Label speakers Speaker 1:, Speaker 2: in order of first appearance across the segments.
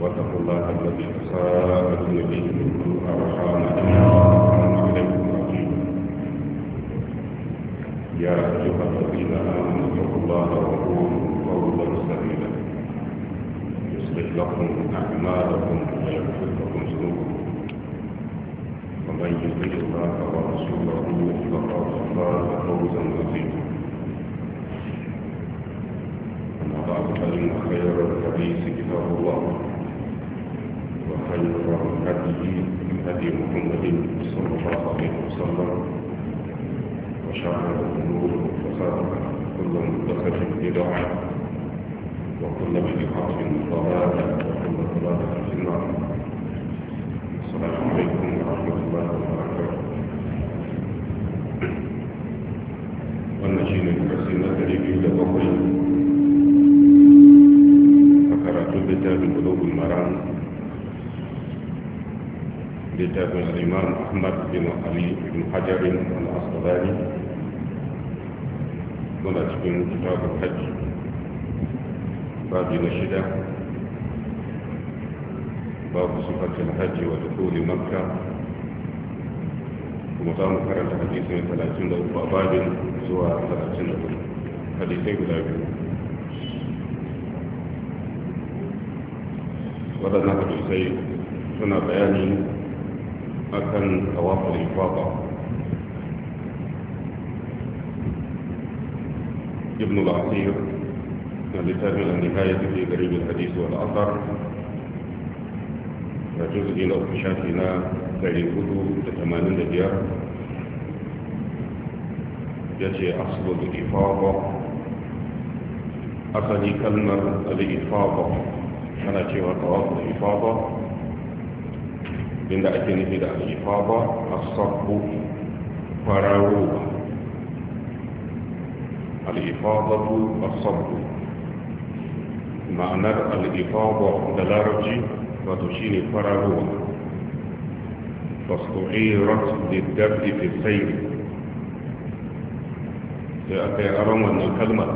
Speaker 1: واتقوا الله الذي تساءلون به أرحام ان الله عليكم رقيب يا ايها الذين امنوا اتقوا الله وقولوا قولا سديدا يصلح لكم اعمالكم ويغفر لكم ذنوبكم ومن يطع الله ورسوله فقد فاز فوزا عظيما بعد فإن خير الحديث كتاب الله وخير هديه هدي محمد صلى الله عليه وسلم
Speaker 2: وشعر الأمور مختصرة كل مختصرة بدعة وكل بدعة ضلالة وكل ضلالة في النار السلام عليكم ورحمة الله وبركاته
Speaker 1: والنشيد الحسين الذي في littafin al'imam ahmad bin ali bin hajarin al'asabari muna cikin kitabun hajji babi na shida babu sifatin hajji wa dukoli makka kuma za mu karanta hadisai 33 a babin zuwa 34 hadisai guda biyu waɗannan hadisai suna bayani أتى الطواف الإفاضة ابن العصير الذي إلى النهاية في قريب الحديث والأثر رجل إلى أفشاتنا تعرفه تتمان الديار يأتي أصل الإفاضة أصل كلمة الإفاضة أنا أتي وطواف الإفاضة abinda ake nufi da alifaba asabbu fararowa alifabatu asabbu ma'anar alifaba da larabci wato shine fararowa fastu'irat lidabdi fi sayri sai aka yi aron wannan kalmar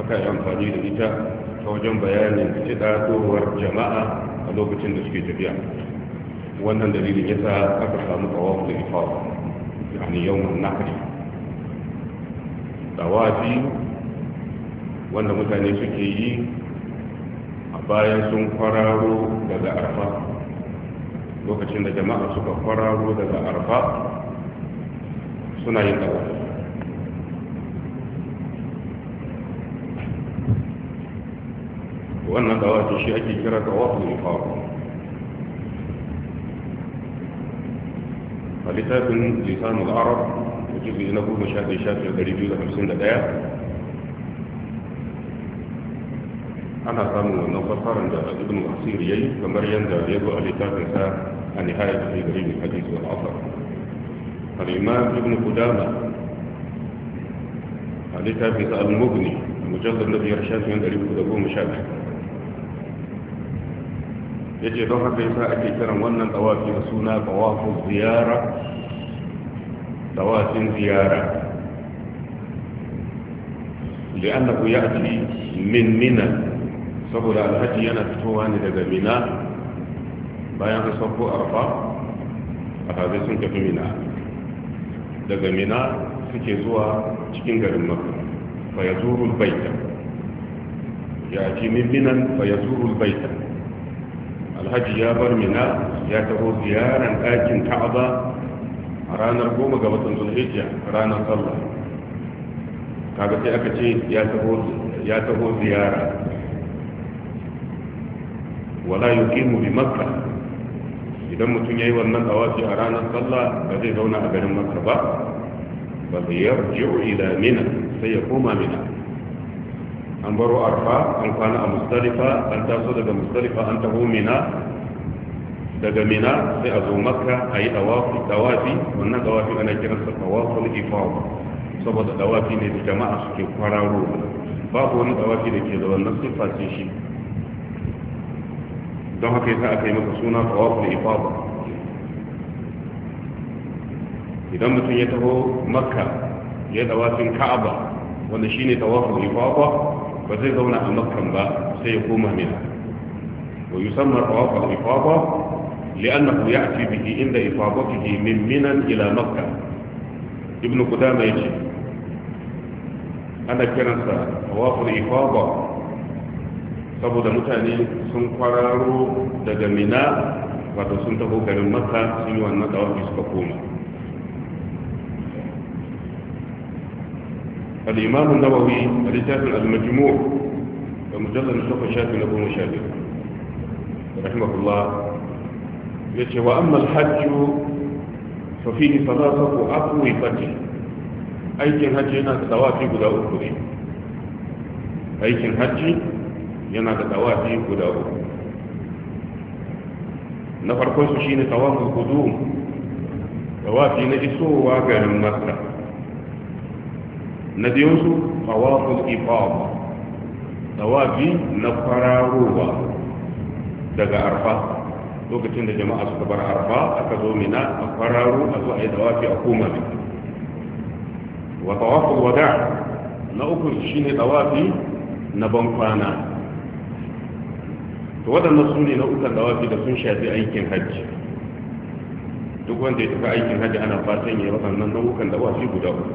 Speaker 1: aka yi amfani da ita ta wajen bayanin kiɗaɗowar jama'a a lokacin da suke tafiya wannan dalilin ya sa aka samu tsawon da ya ne yau yawon nahari tsawafi wanda mutane suke yi a bayan sun kwararo daga arfa lokacin da jama'a suka kwararo daga arfa suna yin tsawafi wannan tsawafi shi ake kira tsawafu da ifada فلتاب لسان العرب يجب أن أقول مشاهد الشافع قريب جودة خمسين دقائق أنا قام نوفر قرن ابن القصير يي فمريم دا يدعو لتاب نساء النهاية في قريب الحديث والعصر الإمام ابن قدامة لتاب نساء المبني المجلد الذي يرشاد من قريب قدامه مشاهد yace don haka yasa ake kiran wannan tawafi da suna tawafin ziyara tawafin ziyara li'annahu ya'ti min mina saboda alhaji yana fitowa ne daga mina bayan an sauko arfa a hazai sun tafi mina daga mina suke zuwa cikin garin makka fa yazuru Ya ci min minan fa yazuru albayta haji ya bar mina ya taho ziyaran ɗakin ka'aba a ranar goma ga watan zulhijja ranar sallah kaga sai aka ce ya taho ziyara wala yuqimu bi makka idan mutum yayi wannan tawafi a ranar sallah ba zai zauna a garin makka ba ba zai yarji'u ila mina sai ya koma mina an baro arfa an kwana a mustalifa an taso daga mustalifa an taho mina daga mina sai a zo makka a yi dawafi wannan dawafi ana kiransa dawaful ifawa saboda dawafi ne da jama'a suke kwararo babu wani dawafi da ke da wannan siffa ce shi don haka yasa aka yi maka suna dawaful ifawa idan mutum ya taho makka ya dawafin ka'aba wanda shine dawaful ifawa ba zai zauna a makkan ba sai ya koma mina wa yusamma tawaf al-ifada li'annahu ya'ti bihi inda ifadatihi min minan ila makka ibnu qudama yace ana kiransa tawaf al-ifada saboda mutane sun kwararo daga mina wato sun taho garin makka sun yi wannan tawafi suka koma al-imam an-nawawi littafin al-majmu' da mujallal shafa shafi na goma sha biyu rahimahullah yace wa amma al-hajj fa fihi thalathatu aqwi fati aikin hajji yana da tawafi guda uku aikin hajji yana da tawafi guda uku na shine tawafi isowa garin makka na biyunsu tawaful ifaba tawafi na fararowa daga arfa lokacin da jama'a suka bar arfa aka zo mina a fararo a zo a yi tawafi a koma ne wa tawafin wada na uku ne tawafi na ban kwana to waɗannan su ne na ukan tawafi da sun shafi aikin hajji duk wanda ya tafi aikin hajji ana fatan ya yi waɗannan nau'ukan tawafi guda uku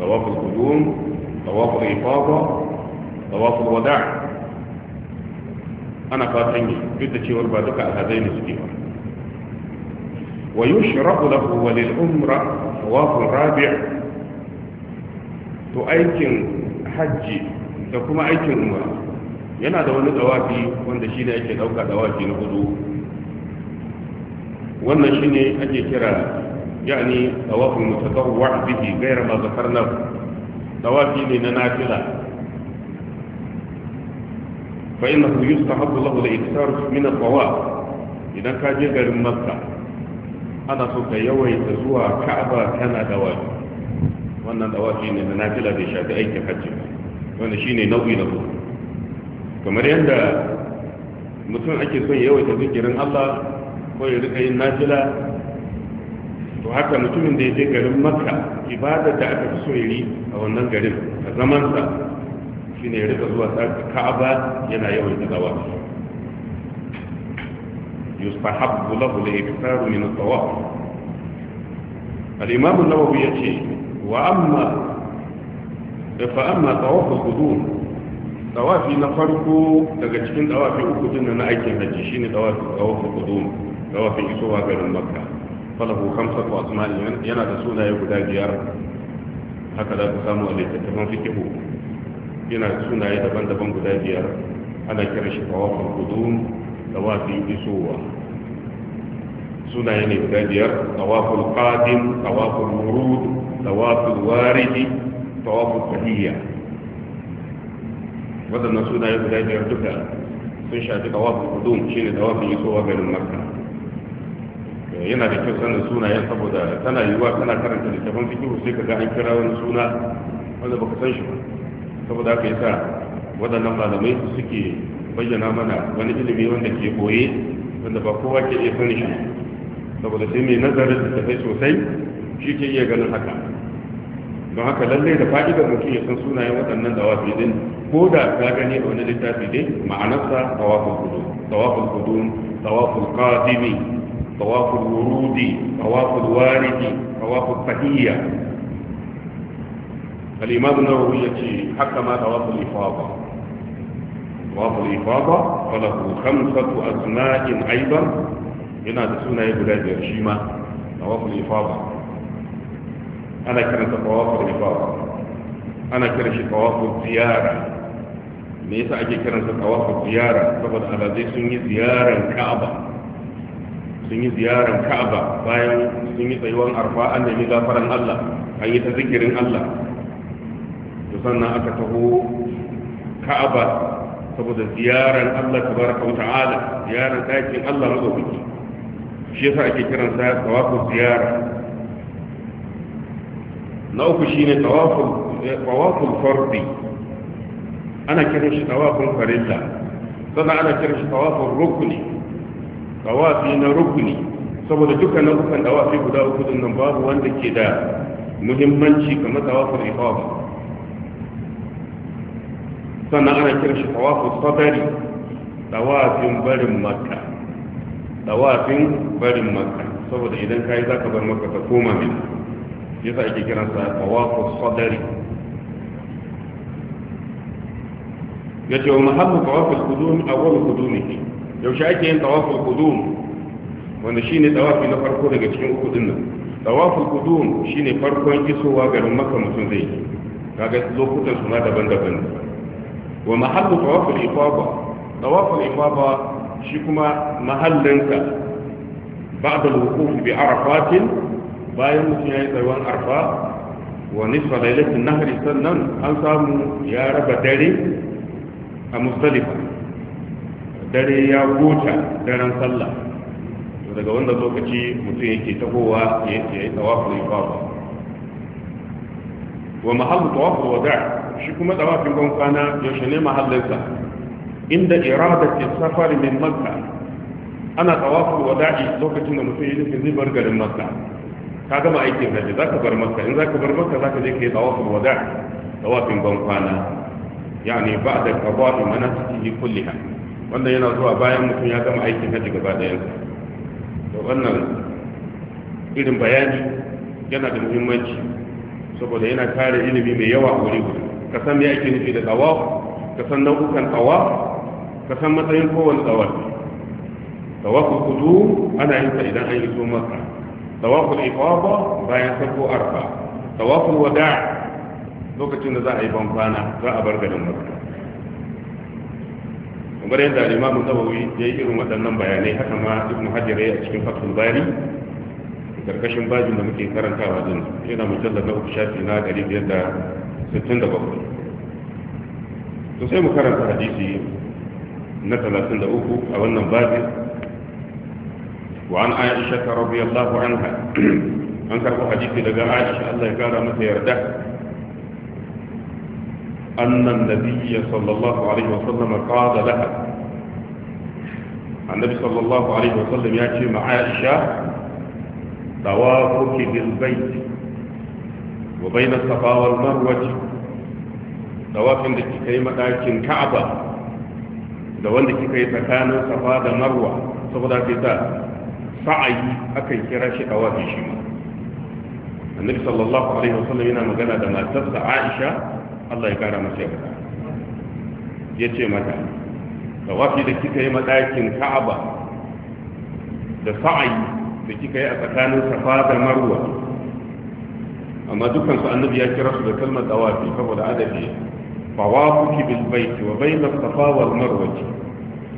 Speaker 1: طواف القدوم طواف الإفاضة طواف الوداع أنا فاتني بدأ شيء وربادك على هذين السبيل ويشرع له وللعمرة طواف الرابع تؤيكن حجي تكما أيكن عمره yana da wani dawafi wanda shi ne ake dauka dawafi na hudu wannan shi ne ake kira يعني طواف المتطوع به غير ما ذكرناه طوافي لنافلة فإنه يستحب له الإكثار من الطواف إذا كان جبل مكة أنا سوف يوي تزوى كعبة كان دوافي wannan dawafi ne na nafila bai shafi aikin hajji wanda shine nau'i na hudu kamar yadda mutum ake son yawaita zikirin Allah ko ya rika yin nafila to haka mutumin da ya je garin makka ibada da aka fi so yi a wannan garin a zamansa shi ne ya rika zuwa ka'aba yana yawan tazawa yustahabbu lahu al-ibtaru min at-tawaf al-imam an-nawawi yace wa amma fa amma tawaf al-qudum tawafi na farko daga cikin tawafi uku din na aikin haji shine tawafi tawaf al-qudum tawafin isowa garin makka falahu kamsa ko asma'i yana da sunaye guda biyar haka za ku samu a littattafan fikihu yana da sunaye daban-daban guda biyar ana kira shi tawafin kudum da wafin isowa sunaye ne guda biyar tawafin qadim tawafin murud tawafin waridi tawafin tahiyya waɗannan sunaye guda biyar duka sun shafi tawafin kudum shine tawafin isowa garin makka yana da kyau sanin sunayen saboda tana yiwuwa tana karanta littafin fikihu sai ka ga an kira wani suna wanda baka san shi ba saboda haka yasa waɗannan malamai suke bayyana mana wani ilimi wanda ke boye wanda ba kowa ke iya sanin shi saboda sai mai nazarin littafai sosai shi ke iya ganin haka don haka lallai da fa'idar mutum ya san sunayen waɗannan dawafi din ko da ka gani a wani littafi dai ma'anarsa tawafin kudu tawafin kudu tawafin qadimi طواف الورود طواف الوارد طواف التحية الإمام النووي يأتي حكم طواف الإفاضة طواف الإفاضة فله خمسة أسماء أيضا هنا تسونا بلاد الشيمة طواف الإفاضة أنا كرنت طواف الإفاضة أنا كرنت طواف الزيارة me أجي ake طواف الزيارة ziyara saboda ذي sun زيارة الكعبة sun yi ziyarar ka'aba bayan sun yi tsayuwan arfa an nemi gafaran Allah an yi ta zikirin Allah to sannan aka taho ka'aba saboda ziyarar Allah tabaraka wa ta'ala ziyarar ɗakin Allah na madaukaki shi yasa ake kiran sa tawafu ziyara na uku shine tawafu eh, tawafu fardi ana kiran shi tawafun farilla sannan ana kiran shi tawafun rukuni tawafi na rukuni saboda dukkanin dukkan tawafi guda uku din nan babu wanda ke da muhimmanci kamar tawaful ifada sannan ana kiran shi tawaful sadari barin makka barin makka saboda idan kai zaka bar makka ka koma min yasa ake kiransa tawaful sadari wa mahallu qudum awwal qudumihi yaushe ake yin tawaful qudum wanda shine tawafi na farko daga cikin uku din nan tawaful qudum shine farkon isowa garin makka mutum zai yi kaga lokutan suna daban-daban wa mahallu tawaful ifada tawaful ifada shi kuma mahallinsa بعد bi بعرفات bayan mutum ya yi tsarwan arfa wa nisfa lailatul nahri sannan an samu ya raba dare a mustalifa dare ya gota daren sallah daga wanda lokaci mutum yake tahowa ya yi tawafin ifafa wa mahallu tawafin wada shi kuma tawafin gwamfana kwana yaushe ne mahallinsa inda iradati safari min makka ana tawafin wada'i lokacin da mutum ya nufin zai bar garin makka ka gama aikin hajji za ka bar makka in za ka bar makka za ka je ka yi tawafin wada tawafin gwamfana. Ya yani ba da kaba'i mana cikin kulliha wannan yana zuwa bayan mutum ya gama aikin hajji gaba yanzu. to wannan irin bayani yana da muhimmanci saboda yana kare ilimi mai yawa a wuri ka san me ake nufi da tsawa ka san nau'ukan tsawa ka san matsayin kowane tsawar ku kudu ana yin sa idan an yi so maka tawakul ifaba bayan sako arfa ku wada lokacin da za a yi bankwana za a bar garin maka kamar yadda al-imam ya yi irin waɗannan bayanai haka ma ibn hajar ya a cikin fathul bari karkashin bajin da muke karantawa din yana mujallar na uku shafi na ɗari biyar da sittin da bakwai to sai mu karanta hadisi na talatin da uku a wannan babin وعن عائشة رضي الله عنها أنكر حديث لقى عائشة الله يقال مثل يرده أن النبي صلى الله عليه وسلم قال لها النبي صلى الله عليه وسلم يأتي مع عائشة توافك بالبيت وبين الصفا والمروة توافك عندك كلمة لكن كعبة لو عندك كي تكان الصفا والمروة سبدا كتا سعي أكي كراشي توافي النبي صلى الله عليه وسلم هنا مقالة لما تبدأ عائشة Allah ya kara masa yarda ya ce mata tawafi da kika yi madakin ka'aba da sa'ayi da kika yi a tsakanin safa da marwa amma dukansu annabi ya kira su da kalmar tawafi saboda adabi tawafuki bil baiti wa bayna safa wal marwa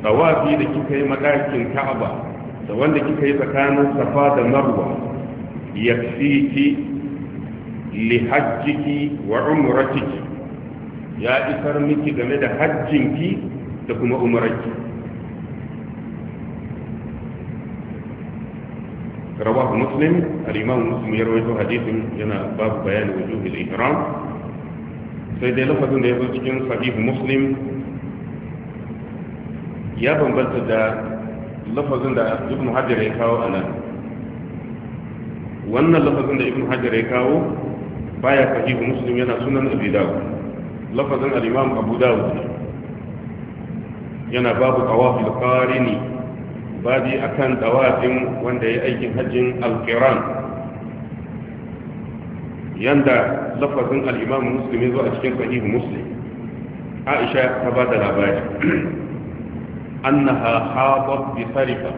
Speaker 1: tawafi da kika yi madakin ka'aba da wanda kika yi tsakanin safa da marwa yakfiki li hajjiki wa umratiki ya isar miki game da hajjinki da kuma umaranki rawa muslim al-imam muslim ya rawaito hadithin yana babu bayani wujuhi al-ihram sai dai lafazin da ya zo cikin sahih muslim ya bambanta da lafazin da ibn hajar ya kawo a nan wannan lafazin da ibn hajar ya kawo baya sahih muslim yana sunan abi lafazin al-imam abu dawud yana babu tawafil qarini babi kan tawafin wanda ya aikin hajjin al yanda lafazin al Musulmi zuwa a cikin sahih Musulmi, aisha ta ba da labari annaha hadat bi Ta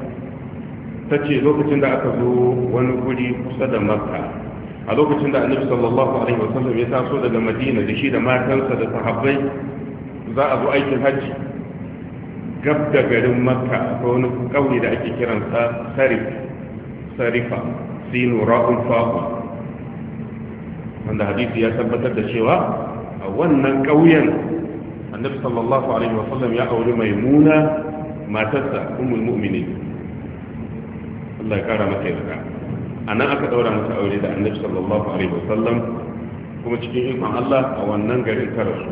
Speaker 1: tace lokacin da aka zo wani guri kusa da makka a lokacin da annabi sallallahu alaihi wasallam ya taso daga madina da shi da matansa da sahabbai za a zo aikin hajji gab da garin makka akwai wani kauye da ake kiransa sarif sarifa sinu ra'un fahu wanda hadisi ya tabbatar da cewa a wannan ƙauyen annabi sallallahu alaihi wasallam ya auri maimuna matarsa ummul mu'minin Allah ya kara mata yarda a nan aka ɗaura mata aure da annabi sallallahu alaihi wasallam kuma cikin ikon Allah a wannan garin ta rasu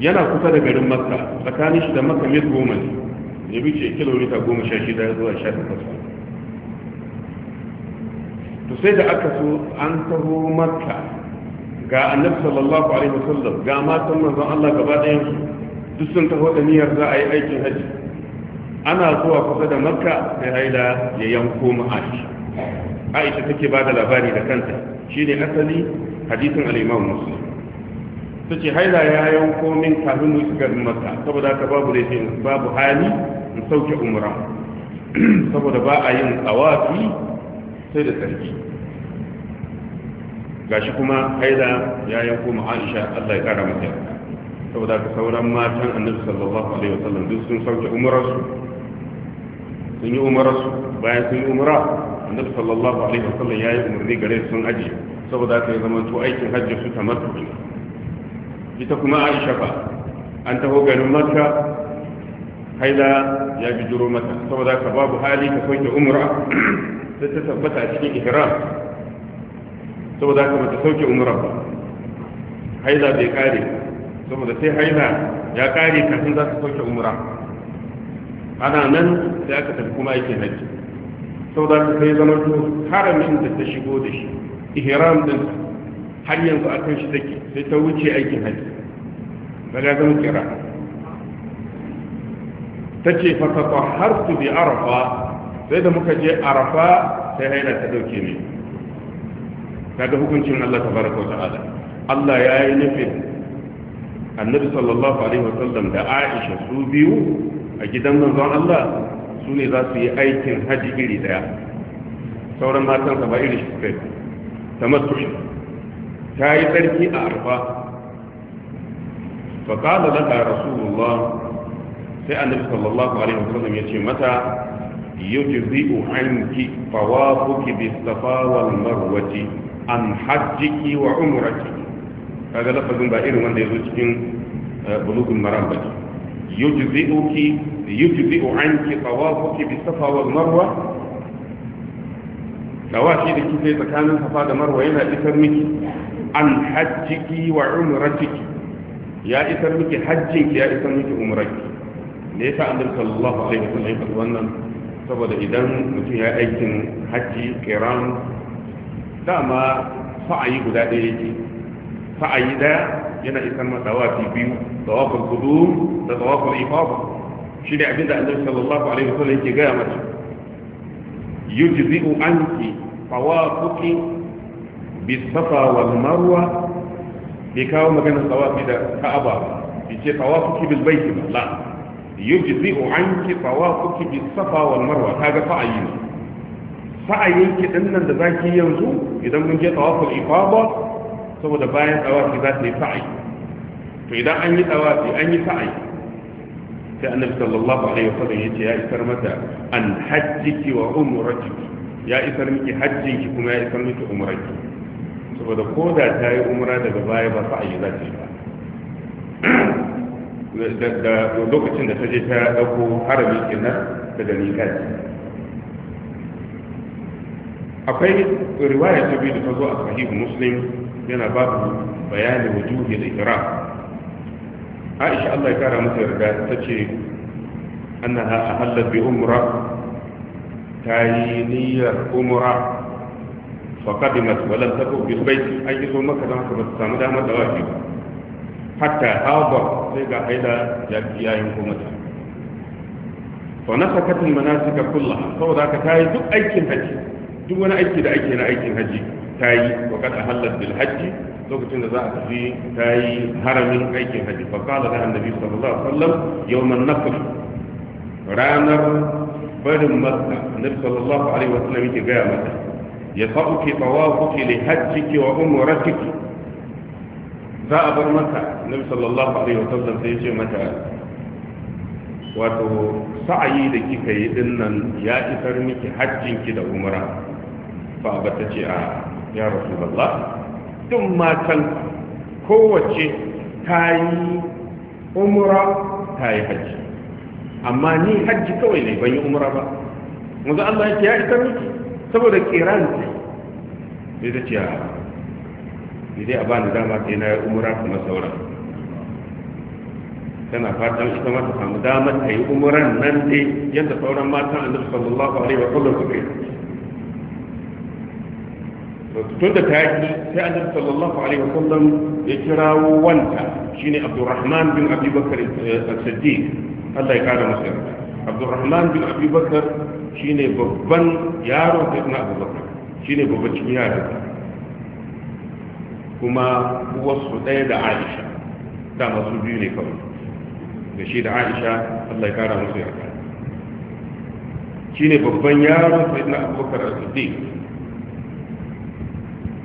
Speaker 1: yana kusa da garin makka tsakanin shi da makka mil goma ne ya bice kilomita goma sha shida zuwa sha takwas to sai da aka so an taho makka ga annabi sallallahu alaihi wasallam ga matan manzon Allah gaba ɗayan su duk sun taho da niyyar za a yi aikin hajji ana zuwa kusa da makka sai haida ya yanko mu aisha aisha take ba da labari da kanta shine asali hadisin al-imam Ta ce haida ya yanko min kafin mu shiga makka saboda ka babu laifin babu hali in sauke umra saboda ba a yin tsawafi sai da sarki gashi kuma haida ya yanko mu aisha Allah ya kara mata saboda ka sauran matan annabi sallallahu alaihi wasallam duk sun sauke umrarsu sun yi umararsu bayan sun yi umara annabi sallallahu alaihi wasallam ya yi umarni gare sun aje saboda ta yi zama to aikin hajji su ta matuƙi ita kuma aisha fa an taho garin makka haila ya bijiro mata saboda ka babu hali ka sauke umra sai ta tabbata a cikin ihram saboda ka bata sauke umra ba haila bai kare saboda sai haila ya kare kafin za ta sauke umra ana nan sai aka tafi kuma aikin hajji sau da sai zama to haramin da ta shigo da shi ihram din har yanzu a kan shi take sai ta wuce aikin hajji daga zama kira ta ce fasata har su bi arafa sai da muka je arafa sai haina ta dauke ne daga hukuncin Allah ta baraka wa ta'ala Allah ya yi nufin annabi sallallahu alaihi wa sallam da Aisha su biyu a gidan manzon Allah su ne za su yi aikin haji iri daya sauran matan ba iri shi kai ta matushi ta yi tsarki a arfa fa qala laka rasulullah sai annabi sallallahu alaihi wasallam ya ce mata yujzi'u anki tawafuki bis safa wal marwati an hajjiki wa umrati kaga lafazin ba irin wanda ya zo cikin eh, bulugul maram ba yujzi'uki yujzi'u anki tawafuki bi safa wal marwa tawashi da kike tsakanin safa da marwa yana isar miki an hajjiki wa umratiki ya isar miki hajjinki ya isar miki wannan saboda idan mutum ya aikin hajji kiran dama sa'ayi guda ɗaya yake sa'ayi ɗaya yana isan ma tawafi biyu tawafin qudum da tawaful ifada shi ne abinda Annabi sallallahu alaihi wasallam yake gaya mata yujzi'u anki tawafuki bi safa wal marwa bai kawo maganar tawafi da ka'aba bai ce tawafuki bil baiti la yujzi'u anki tawafuki bi safa wal marwa kaga fa'ayi ne fa'ayin ki dinnan da zaki yanzu idan mun je tawaful ifada saboda bayan tsawafi za su yi sa'i to idan an yi tsawafi an yi sa'i sai annabi sallallahu alaihi wasallam yace ya isar mata an hajji ki wa umratiki ya isar miki hajji ki kuma ya isar miki umrarki saboda ko da ta yi umra daga baya ba sa'i za ta yi ba da lokacin da ta je ta dauko harami kenan da mikati akwai riwaya ta biyu da ta zo a sahihu muslim yana babu bayani wujuhi da ikram aisha Allah ya kara mata yarda ta ce annaha ahalla bi umra ta yi niyyar umra fa qadimat wa lam tabu bil bayt ay zo maka dan ka samu damar da wafi hatta hawa sai ga haida ya yayin kuma ta fa nasakat al manasika kullaha saboda ka tayi duk aikin haji duk wani aiki da ake na aikin haji ta yi wa kada halar bil lokacin da za a tafi ta yi haramin aikin hajji fa kala da annabi sallallahu alaihi wasallam yawman nafr ranar barin makka annabi sallallahu alaihi wasallam yake gaya mata ya sa'uki tawafuki li hajjiki wa umratiki za a bar maka annabi sallallahu alaihi wasallam sai ya ce mata wato sa'ayi da kika yi dinnan ya isar miki hajjinki da umra fa ba ta ce a ya rasulullah Tun matan kowace ta yi umra ta yi hajji amma ni hajji kawai ne ban yi umura ba wanzu Allah yake ya ita miki saboda kiran ce sai ta ce a dai a bani dama yi na umura umra kuma sauran tana fatan ita ma ta samu damar ta yi umuran nan dai yadda sauran matan annabi sallallahu alaihi wa sallam suka yi tun da ta yi sai annabi sallallahu alaihi wa sallam ya kirawo wanta shine abdurrahman bin abi bakar eh, as Allah ya kara masa abdurrahman bin abi bakar shine babban yaro da na abubakar shine babban cikin yaro kuma wasu ɗaya da aisha da masu biyu ne kawai da shi da aisha Allah ya kara masa yarda ne babban yaro sai na abubakar as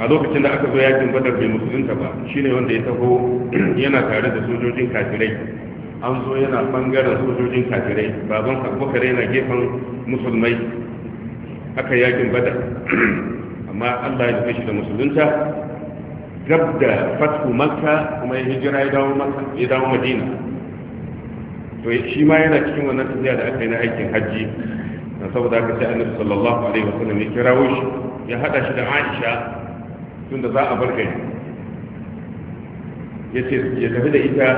Speaker 1: a lokacin da aka zo yakin badar bai musulunta ba shine wanda ya taho yana tare da sojojin kafirai an zo yana bangaren sojojin kafirai baban abubakar yana gefen musulmai aka yakin badar amma allah ya tafi shi da musulunta gab da fatku makka kuma ya hijira ya dawo madina to shi ma yana cikin wannan tafiya da aka yi na aikin hajji saboda aka ce annabi sallallahu alaihi wasallam ya kirawo shi ya hada shi da aisha tunda za a bar gari ya ce ya tafi da ita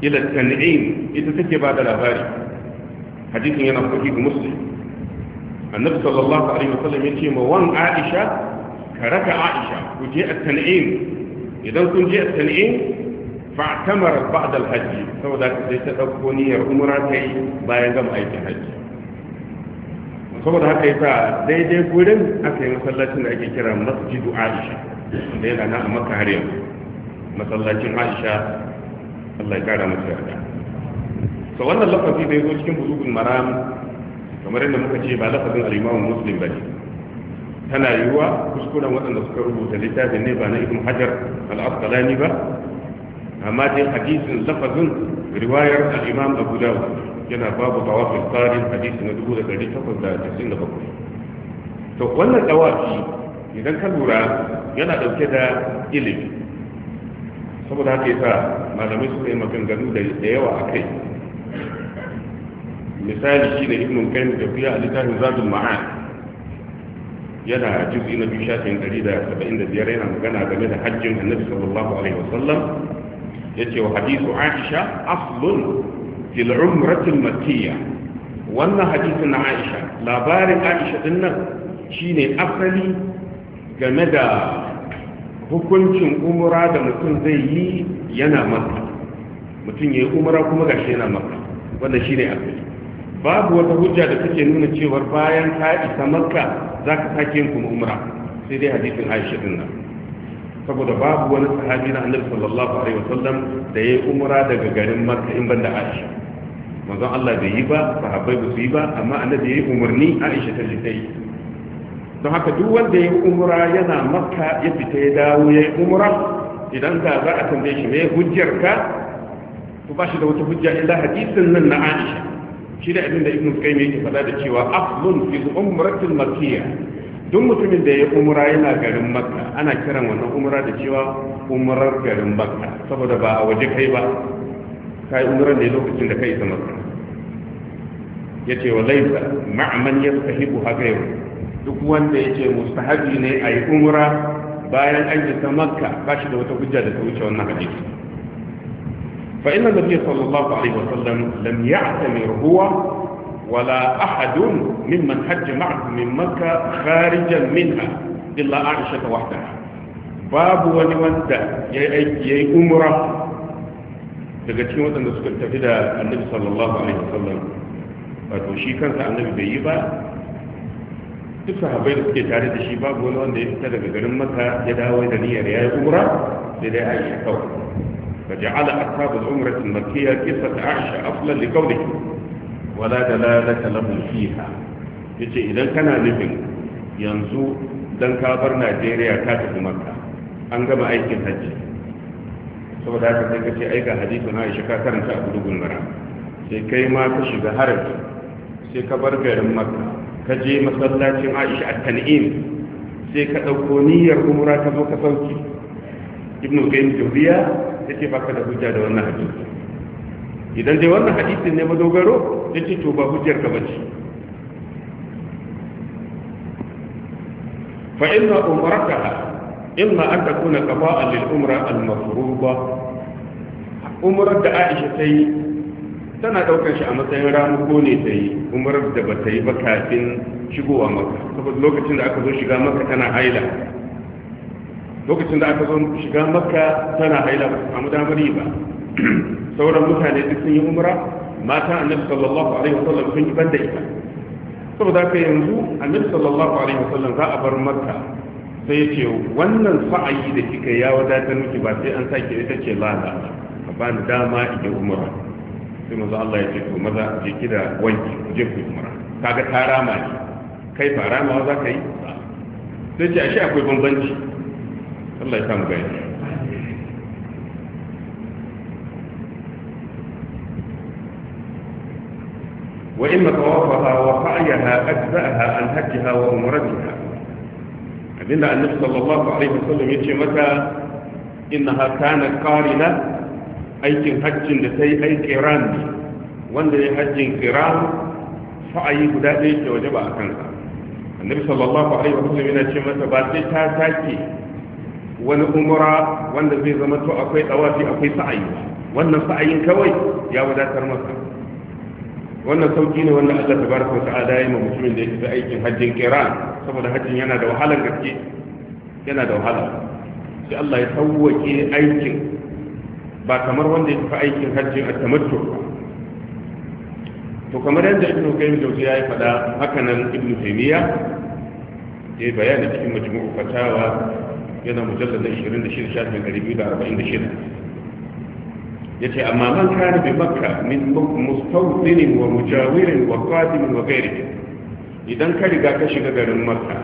Speaker 1: ila tan'im ita take ba da labari hadisin yana sahihu muslim annabi sallallahu alaihi wasallam ya ce ma wan aisha ka raka aisha ku je at tan'im idan kun je at tan'im fa tamara ba'da al-hajj saboda sai ta dauko niyyar umra ta yi bayan gama aikin hajji saboda haka yasa daidai gurin aka yi masallacin da ake kira masjidu aisha da yana nan a makka har yanzu masallacin aisha allah ya kara masa yarda so wannan lafazi da ya zo cikin buzugun maram kamar yadda muka ce ba lafazin al-Imam muslim ba ne tana yiwuwa kuskuren waɗanda suka rubuta littafin ne ba na ibn hajar al-asqalani ba amma dai hadisin lafazin riwayar al-imam abu dawud yana babu tawafin tsarin hadisi na dubu da da takwas bakwai. to wannan tawafi idan ka lura yana ɗauke da ilimi saboda haka yasa malamai suka yi maganganu da yawa a kai misali shi ne ibn kayyim da fiya a littafin zadul ma'an yana juz'i na biyu shafin ɗari da saba'in 175 yana magana game da hajjin annabi sallallahu alaihi wasallam yace wa hadisu aisha aslun fil umratil makkiyya wannan hadisin na aisha labarin aisha din nan shine asali game da hukuncin umra da mutum zai yi yana maka mutum ya yi umra kuma gashi yana maka wannan shine asali babu wata hujja da take nuna cewar bayan ka isa maka za ka sake yin kuma umra sai dai hadisin aisha din nan saboda babu wani sahabi na annabi sallallahu alaihi wasallam da ya yi umra daga garin makka in banda aisha manzon Allah bai yi ba sahabbai ba su yi ba amma annabi ya yi umarni aisha ta je ta don haka duk wanda ya yi umra yana makka ya fita ya dawo ya yi umra idan da za a tambaye shi me hujjar ka to ba shi da wata hujja illa hadisin nan na aisha shi da abin da ibn qayyim yake faɗa da cewa aflun fi umratil makkiyah duk mutumin da ya umura yana garin makka ana kiran wannan umura da cewa umurar garin makka saboda ba a waje kai ba kai umrar ne lokacin da ka isa makka yace wa laisa ma'aman yastahibu haka duk wanda ce mustahabi ne ayi umra bayan an isa makka ba shi da wata hujja da ta wuce wannan hadisi fa inna nabiyyi sallallahu alaihi wasallam lam ya'tamir huwa ولا أحد ممن حج معه من مكة خارجا منها إلا عائشة وحدها باب ونوانتا يأي أمرا daga cikin waɗanda suka tafi da annabi sallallahu alaihi wasallam wato shi kansa annabi bai yi ba duk sahabbai da suke tare da shi babu wani wanda ya fita daga garin maka ya dawo da niyyar yayi umra sai dai aisha kawai fa ja'ala ashabu al-umrati al-makkiyya qissat aisha aflan li qawlihi wala da dalalata lahu fiha yace idan kana nufin yanzu dan ka bar Najeriya ka tafi Makka an gama aikin hajji saboda haka sai kace ai ga na Aisha ka karanta a gudugun mara sai kai ma ka shiga haraji sai ka bar garin Makka ka je masallacin Aisha at-Tan'im sai ka dauko niyyar umra ka zo ka sauki ibnu Qayyim Jawziya yake baka da hujja da wannan hadisi idan dai wannan hadisin ne madogaro ya to ba hujjar ka bace fa inna umraka imma an takuna qada'an lil umra al mafruḍa umrar da Aisha ta yi tana daukar shi a matsayin ramuko ne ta yi umrar da ba ta yi ba kafin shigowa maka saboda lokacin da aka zo shiga maka tana haila lokacin da aka zo shiga maka tana haila ba samu damar yi ba sauran mutane duk sun yi umra mata annabi sallallahu alaihi wasallam sun yi banda ita saboda ka yanzu annabi sallallahu alaihi wasallam za a bar makka sai ya ce wannan sa'ayi da kika ya wadatar miki ba sai an sake ita ce lala a ba ni dama in yi umra sai maza Allah ya ce to maza je ki da wanki ku je ku umra kaga ta rama ne kai fa rama za ka yi sai ce ashe akwai bambanci Allah ya samu gani وإن طوافها وسعيها أجزأها عن حجها وعمرتها أدلة النبي صلى الله عليه وسلم يجي متى إنها كانت قارنة أي حج لتي أي قران وأن حج قران فأي بدأ وجب أكنها النبي صلى الله عليه وسلم يجي متى بعد تاتي wani umura wanda zai zama to akwai tsawafi akwai sa'ayi wannan sa'ayin kawai ya wadatar masa wannan sauki ne wanda Allah tabaraka wa ta'ala ya yi mutumin da ya tafi aikin hajjin kira saboda hajjin yana da wahalar gaske yana da wahala sai Allah ya sauwake aikin ba kamar wanda ya tafi aikin hajjin a tamattu ba to kamar yadda ibnu qayyim jawzi ya yi fada haka nan ibnu taymiya ya bayani cikin majmu'u fatawa yana mujallad 26 shafin 246 yace amma man kana bi makka min mustawdin wa mujawirin wa qadim wa ghairihi idan ka riga ka shiga garin makka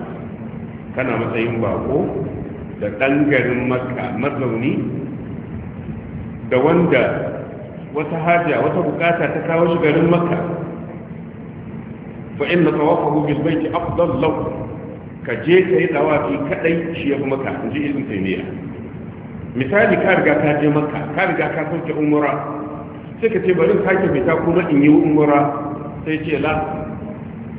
Speaker 1: kana matsayin bako da dan garin makka mazauni da wanda wata haja wata bukata ta kawo shi garin makka fa inna tawafahu bil baiti afdal law ka je kai tawafi kadai shi ya fi maka in ji ibn taymiyyah misali ka riga ka je maka ka riga ka sauke umura sai ka ce bari sake fita kuma in yi umura sai ce la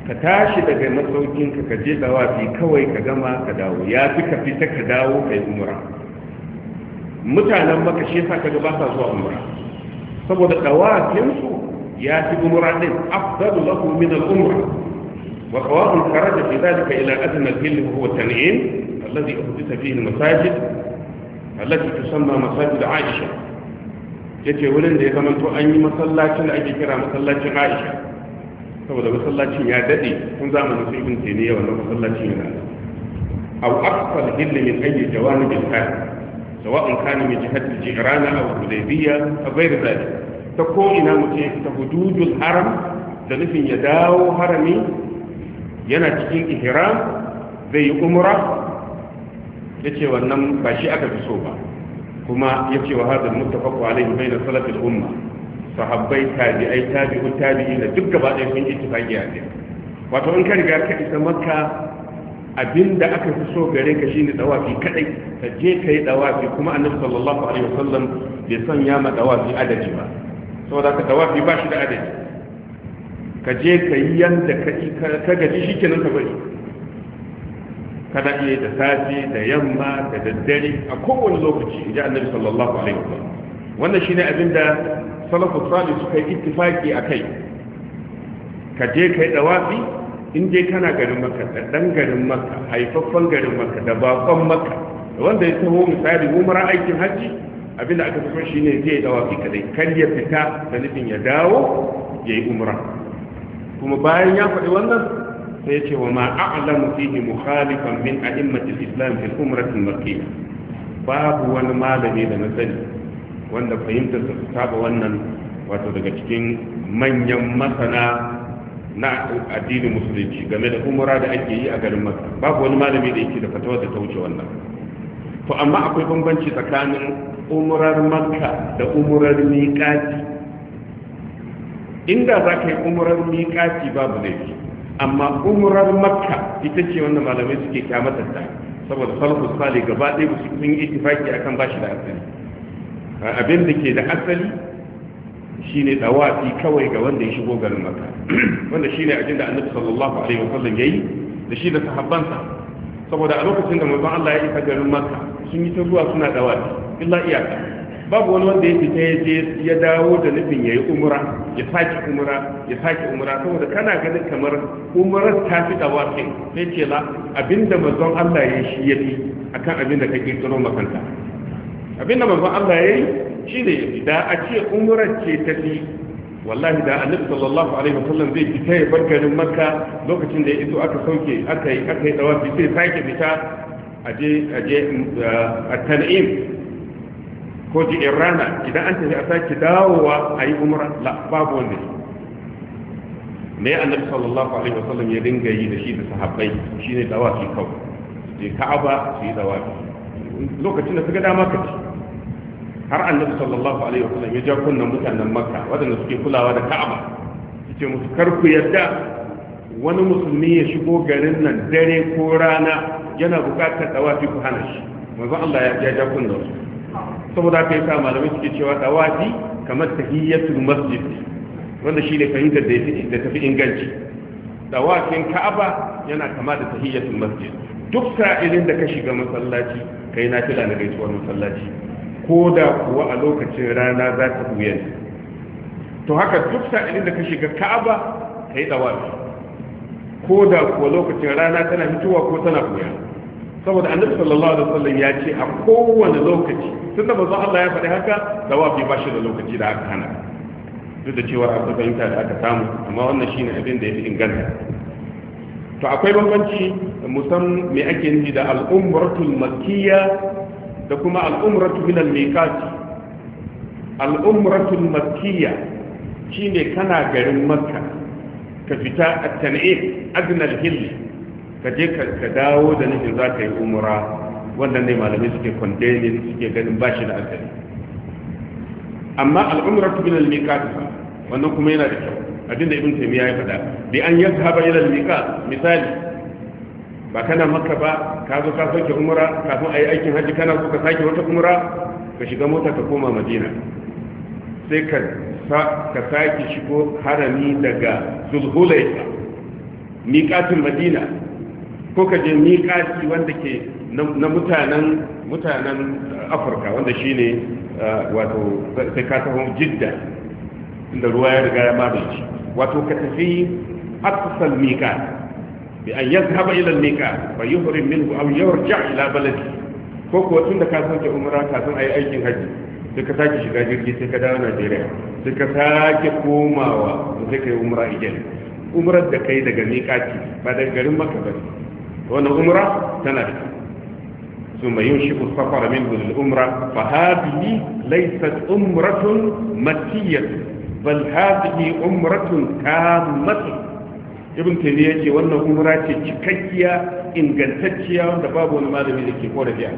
Speaker 1: ka tashi daga masaukinka ka je dawafi kawai ka gama ka dawo ya fi ka fita ka dawo ka yi umura mutanen maka shi yasa kaga ba sa zuwa umura saboda dawafinsu ya fi umura din afdalu lahu min al-umra wa qawa'un kharaja fi dhalika ila adna al-hill huwa tan'im alladhi uhditha fihi al-masajid التي تسمى مساجد عائشة yace wurin da ya zamanto to an yi masallacin da ake kira masallacin Aisha saboda masallacin ya dade tun zamanin su ibn Taymiyyah wannan masallacin yana ta ko ina mutum ta hududul haram da nufin ya dawo harami yana cikin ihram zai yi umra Ya ce wannan ba shi aka fi so ba kuma ya yace wa hadal muttafaqu alaihi na salafil umma sahabbai tabi'ai tabi'u na duk gaba ɗaya sun yi tafaki a kai wato in ka riga ka isa makka abinda aka fi so gare ka shine dawafi kadai ka je ka yi dawafi kuma annabi sallallahu alaihi wasallam bai sanya ma dawafi adadi ba saboda ka dawafi ba shi da adadi ka je ka yi yanda ka gaji shikenan ka bari kada iya da safi da yamma da daddare a kowane lokaci ya annabi sallallahu alaihi wasallam wannan shine abin da salafu salih suka yi ittifaki akai ka je kai dawafi in je kana garin makka da dan garin makka haifaffen garin makka da bakon makka wanda ya taho misali umara aikin haji abin da aka fito shine zai dawafi kadai Kan ya fita da nufin ya dawo ya yi umra kuma bayan ya faɗi wannan sai ce wa ma a'lamu fihi mukhalifan min a'immatil islam fil umrati makkiyya babu wani malami da na sani wanda fahimtar ta saba wannan wato daga cikin manyan masana na addinin musulunci game da umra da ake yi a garin makka babu wani malami da yake da fatawa da ta wuce wannan to amma akwai bambanci tsakanin umrar makka da umrar miƙaci inda za ka yi umrar miƙaci babu laifi amma umrar makka ita ce wanda malamai suke kyamatar ta saboda farko sale gaba ɗaya ba su sun yi itifaki akan bashi da asali abin da ke da asali shine dawafi kawai ga wanda ya shigo garin makka wanda shine ajin da annabi sallallahu alaihi wasallam yayi da shi da sahabbansa saboda a lokacin da manzon Allah ya isa garin makka sun yi ta zuwa suna dawafi illa iyaka babu wani wanda ya fita ya je ya dawo da nufin ya yi umura ya faki umura ya faki umura saboda kana ganin kamar umarar ta fi kai sai ce la abinda mazan Allah ya shi ya fi akan abinda ka tsoro makanta abinda mazan Allah ya yi shi ne da a ce umarar ce ta fi wallahi da annabi sallallahu alaihi wa sallam zai fita ya bar garin makka lokacin da ya iso aka sauke aka yi aka yi dawafi sai sake fita aje aje a tan'im ko ji'in rana idan an tafi a sake dawowa a yi umra la babu wanda shi ne annabi sallallahu alaihi wasallam ya dinga yi da shi da sahabbai shine dawafi kawai je ka'aba su yi dawafi lokacin da suka dama kaci har annabi sallallahu alaihi wasallam ya ja kunnan mutanen makka wadanda suke kulawa da ka'aba yace musu kar ku yadda wani musulmi ya shigo garin nan dare ko rana yana bukatar dawafi ku hana shi manzo Allah ya ja kunnan su saboda haka yasa malamai suke cewa tawafi kamar tahiyyatul masjid wanda shine fahimtar da yake da tafi inganci tawafin ka'aba yana kama da tahiyyatul masjid duk sa'ilin da ka shiga masallaci kai na tila na gaisuwar masallaci ko da kuwa a lokacin rana za ta buya to haka duk sa'ilin da ka shiga ka'aba kai tawafi ko da kuwa lokacin rana tana fitowa ko tana buya saboda annabi sallallahu alaihi wasallam ya ce a kowane lokaci tunda bazan Allah ya faɗi haka dawabi ba shi da lokaci da aka hana duk da cewa akwai fahimta da aka samu amma wannan shine abin da ya fi inganta to akwai bambanci musamman me ake nufi da al'umratul makkiya da kuma al'umratu min al-miqati al'umratul makkiya shine kana garin makka ka fita at-tan'im adna al ka je ka dawo da nufin za ka yi umura wannan ne malamai suke kwandenin suke ganin ba shi da asali amma al'umrar tubin al-miqat wannan kuma yana da kyau da ibn taymiya ya faɗa bi an yadhhaba ila al-miqat misali ba kana makka ba ka zo ka sauke umra kafin a yi aikin hajji kana so ka sake wata umra ka shiga mota ka koma madina sai ka ka sake shigo harami daga zulhulaifa miqatul madina ko ka je miƙati wanda ke na mutanen mutanen uh, afirka wanda shine uh, wato sai ka taho jidda inda ruwa ya riga ya mamaye wato ka tafi aksal miƙat bi an yadhhaba ila al-miqat fa yuhrim minhu aw yarja ila baladi ko ko tunda ka sauke umra ka san ayi aikin haji sai ka sake shiga jirgi sai ka dawo Najeriya sai ka sake komawa sai ka yi umra idan umrar da kai daga miƙati ba daga garin Makka ba wannan umra tana da thumma yunshiku safara min bil umra fa hadhihi laysat umratun matiyyah bal hadhihi umratun kamat ibn tayyib yace wannan umra ce cikakkiya ingantacciya wanda babu wani malami da ke kora biya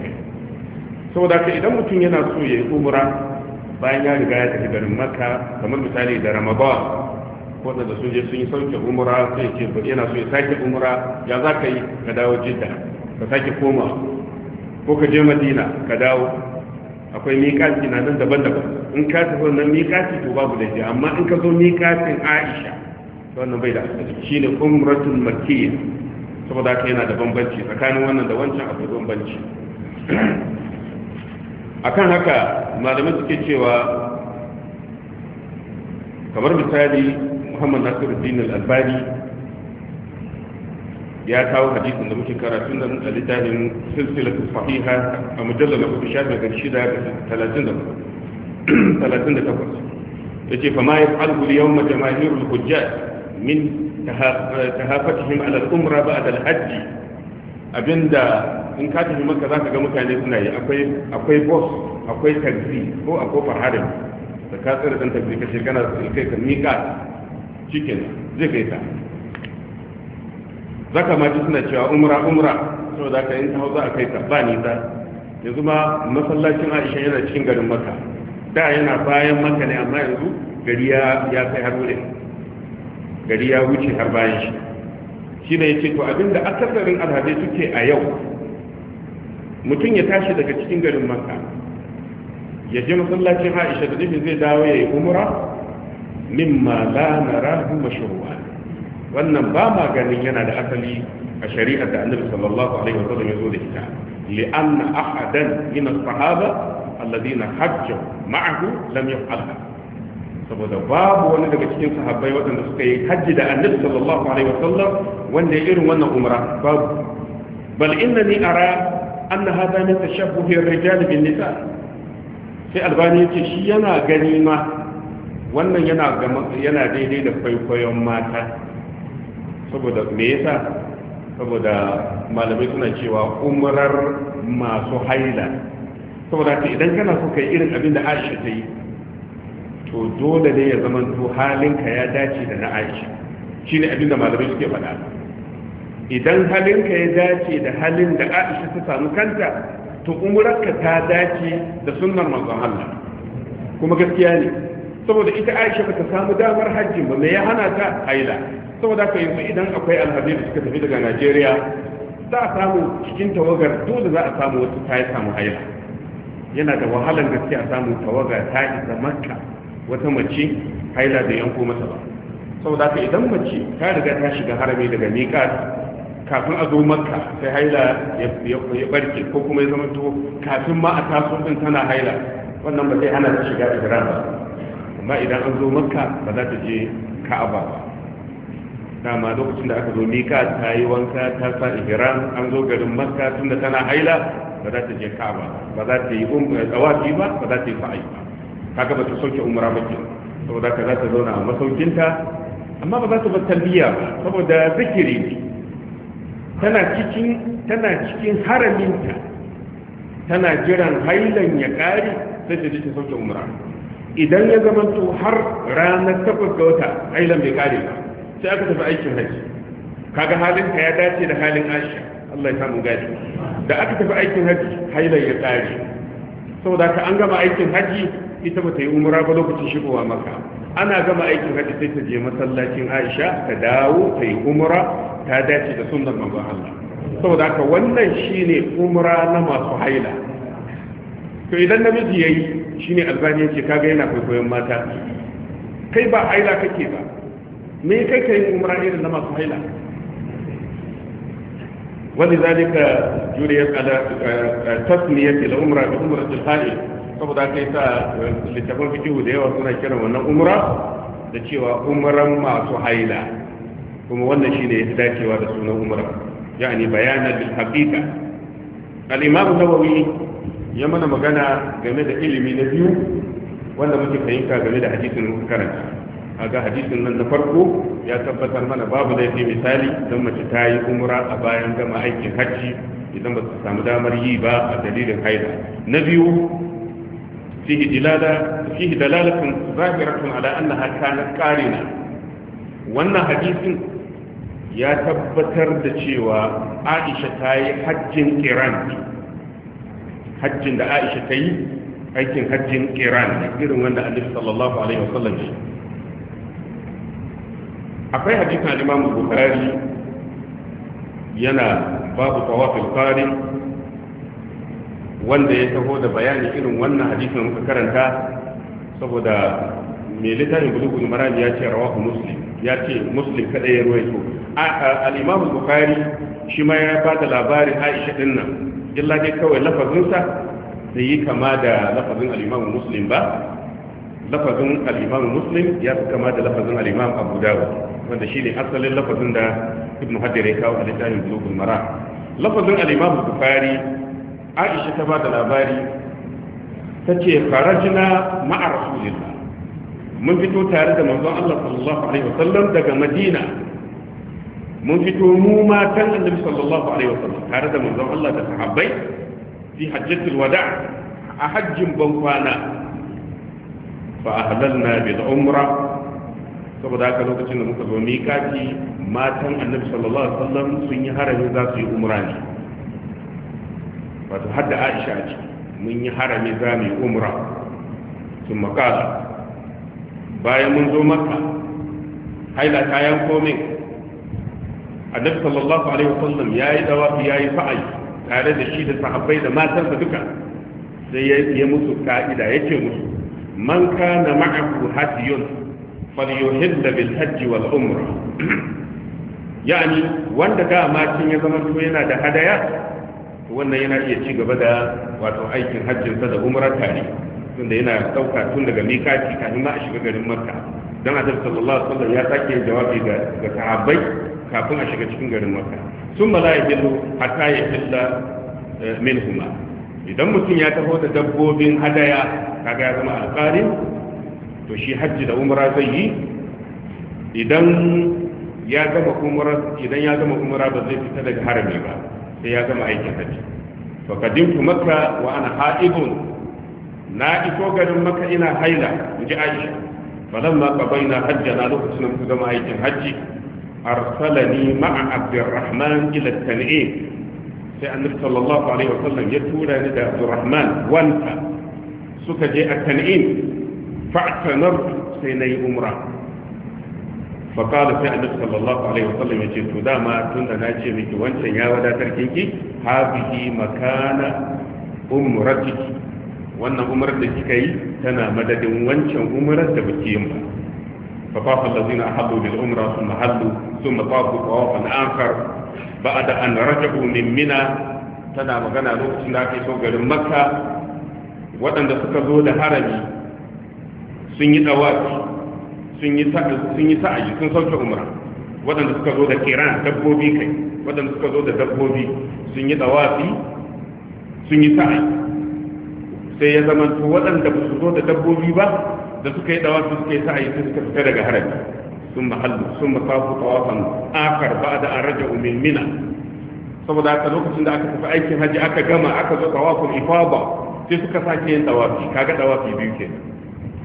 Speaker 1: saboda ka idan mutum yana so ya yi umra bayan ya riga ya tafi garin maka kamar misali da ramadan waɗanda sun je sun yi sauke umura sai ce ba yana so ya sake umura ya za ka yi ka dawo jidda ka sake koma ko ka je madina ka dawo akwai miƙaci na nan daban-daban in ka tafi wannan miƙaci to babu da amma in ka zo miƙacin aisha wannan bai da asali ne umratul makiyya saboda haka yana da bambanci tsakanin wannan da wancan akwai bambanci akan haka malamai suke cewa kamar misali muhammad nasiruddin al-albani ya kawo hadisin da muke karatu da a littafin silsilatu sahiha a mujallar da kuma shafi ga shida da talatin da takwas ya ce fama ya falhu da yawon jama'irul hujjat min tahafatihim ala al'umra ba da hajji abinda in ka tafi maka za ka ga mutane suna yi akwai bus akwai taxi ko a kofar harin da ka tsira dan taxi ka shekara kai ka miƙa cikin zai kai ta zaka ma suna cewa umra umra saboda ka in hau za a kai ta ba nisa yanzu ma masallacin aisha yana cikin garin maka da yana bayan maka ne amma yanzu gari ya kai har wuri. gari ya wuce har bayan shi shi ne ya ce to abinda akasarin alhaji suke a yau mutum ya tashi daga cikin garin maka ya je masallacin aisha da nufin zai dawo ya yi umra مما لا نراه مشروعا wannan ba ma ganin yana da asali a shari'ar da annabi sallallahu alaihi wa sallam ya zo da ita li anna ahadan min as-sahaba alladhina hajja ma'ahu lam yaf'alha saboda babu wani daga cikin sahabbai wanda suka yi hajji da annabi sallallahu alaihi wa sallam wanda ya irin wannan umra babu bal innani ara anna hadha min tashabbuhi ar-rijal bin nisa sai albani yace shi yana gani ma wannan yana yana daidai da kwaikwayon mata saboda me yasa saboda malamai suna cewa umrar masu haila saboda ta idan kana so kai irin abin da Aisha ta yi to dole ne ya zama to halinka ya dace da na Aisha shine abin da malamai suke faɗa idan halinka ya dace da halin da Aisha ta samu kanta to umrarka ta dace da sunnar manzon Allah kuma gaskiya ne saboda ita aisha ba ta samu damar hajji ba me ya hana ta haila saboda haka yanzu idan akwai alhazai da suka tafi daga najeriya za a samu cikin tawagar dole za a samu wasu ta ya samu haila yana da wahalar gaske a samu tawaga ta isa makka wata mace haila da yanko mata ba saboda haka idan mace ta riga ta shiga harami daga miƙat kafin a zo makka sai haila ya barke ko kuma ya zama to kafin ma a taso din tana haila wannan ba zai hana ta shiga ihram ba amma idan an zo makka ba za ta je ka'aba ba dama lokacin da aka zo mika ta yi wanka ta sa ihram an zo garin makka tunda tana haila ba za ta je ka'aba ba za ta yi um, eh, tsawafi ba ba za ta yi fa'ai ba gaba ba ta sauke umra ba ke saboda ka za ta zauna a masaukinta amma ba za ta bar talbiya ba saboda zikiri ne tana cikin tana cikin haraminta tana jiran hailan ya kare sai ta je ta sauke umra idan ya zamanto har ranar takwas ga wata ailan bai kare ba sai aka tafi aikin hajji kaga halin ka ya dace da halin aisha Allah ya samu gadi da aka tafi aikin hajji hailan ya kare saboda ka an gama aikin hajji ita ba ta yi umura ba lokacin shigowa maka ana gama aikin hajji sai ta je masallacin aisha ta dawo ta yi umura ta dace da sunnar manzon Allah saboda ka wannan shine umura na masu haila to idan namiji yayi shine albani yake kaga yana kwaikwayon mata kai ba haila kake ba me kai kai umara irin na masu haila Wani ولذلك da umara da umara da sa'i saboda kai sa eh, littafin fikihu da yawa suna kiran wannan umara da cewa umaran masu haila kuma wannan shine ya dacewa da sunan umara ya'ani bayanan lil haqiqa al imam nawawi ya mana magana game da ilimi na biyu wanda muke fahimta game da hadisin muka karanta a ga hadisin nan na farko ya tabbatar mana babu laifi misali don mace ta yi umra a bayan gama aikin hajji idan ba su samu damar yi ba a dalilin haida na biyu fihi dalala fihi dalalatun na haka na ƙari na. wannan hadisin ya tabbatar da cewa Aisha ta yi hajjin Iran hajjin da Aisha ta yi aikin hajjin Iran irin wanda Annabi sallallahu alaihi wa sallam ya akwai hadisi na imam Bukhari yana babu tawafil qari wanda ya taho da bayani irin wannan da muka karanta saboda mai littafin bulugul marami ya ce rawahu muslim ya ce muslim kada ya ruwaito al-Imam Bukhari shi ma ya bada labarin Aisha din nan illa dai kawai lafazinsa bai yi kama da lafazin al'imamu muslim ba lafazin al'imamu muslim ya fi kama da lafazin al'imamu abu dawud wanda shi ne asalin lafazin da ibn hajjar ya kawo a littafin bulugul mara lafazin al'imamu bukari aisha ta ba da labari ta ce farajina ma'a rasulillah mun fito tare da manzon allah sallallahu alaihi wasallam daga madina mun fito mu matan annabi sallallahu alaihi wasallam tare da manzon Allah da sahabbai fi hajjatul wada a hajjin ban kwana fa ahlalna bil umra saboda haka lokacin da muka zo mikati matan annabi sallallahu alaihi wasallam sun yi harami za su yi umra ne wato hadda Aisha ce mun yi harami za mu yi umra sun makala bayan mun zo makka haila ta yanko min annabi sallallahu alaihi wasallam yayi dawafi yayi fa'i tare da shi da sahabbai da matansa duka sai ya musu ka'ida yace musu man kana ma'ahu hadiyun falyuhilla bil hajj wal umra yani wanda da ma kin ya zama to yana da hadaya to wannan yana iya ci gaba da wato aikin hajjin sa da umra tare tunda yana dauka tun daga mikati kafin ma a shiga garin makka dan annabi sallallahu alaihi wasallam ya sake jawabi ga ga sahabbai kafin a shiga cikin garin makka sun mala ya billu hatta ya eh, minhuma idan mutum ya taho da dabbobin hadaya kaga ya zama alƙari to shi hajji da umra zai yi idan ya gama umra idan ya gama umra ba zai fita daga harami ba sai ya gama aikin hajji fa qadimtu makka wa ana haidun na iso garin makka ina haila inji aisha فلما قضينا حجنا لقسنا كما أيكن حجي أرسلني مع عبد الرحمن إلى التنعيم سأنب صلى الله عليه وسلم يتولى ندى عبد الرحمن وانت سكجي التنعيم فاعتنرت سيني أمرا فقال سأنب صلى الله عليه وسلم يجي تودا ما تند ناجي مكي وانت يا ودا تركيكي هذه مكان أمرتك وانا أمرتك كي tana madadin wancan umrar da baki yin ba fa qafa allazina ahadu bil umra thumma hadu thumma tafu tawafan akhar ba'da an rajabu min mina tana magana lokacin da ake so garin makka waɗanda suka zo da harami sun yi dawaki sun yi sun yi sa'ayi sun sauke umra waɗanda suka zo da kiran dabbobi kai waɗanda suka zo da dabbobi sun yi dawafi sun yi sa'ayi sai ya zama to waɗanda ba su zo da dabbobi ba da suka yi dawa su suka yi sa'ayi sai suka fita daga haraji sun mahallu sun masafu tawafan akar ba da an raja umin mina saboda haka lokacin da aka tafi aikin haji aka gama aka zo tawafin ifaba sai suka sake yin tawafi kaga tawafi biyu ke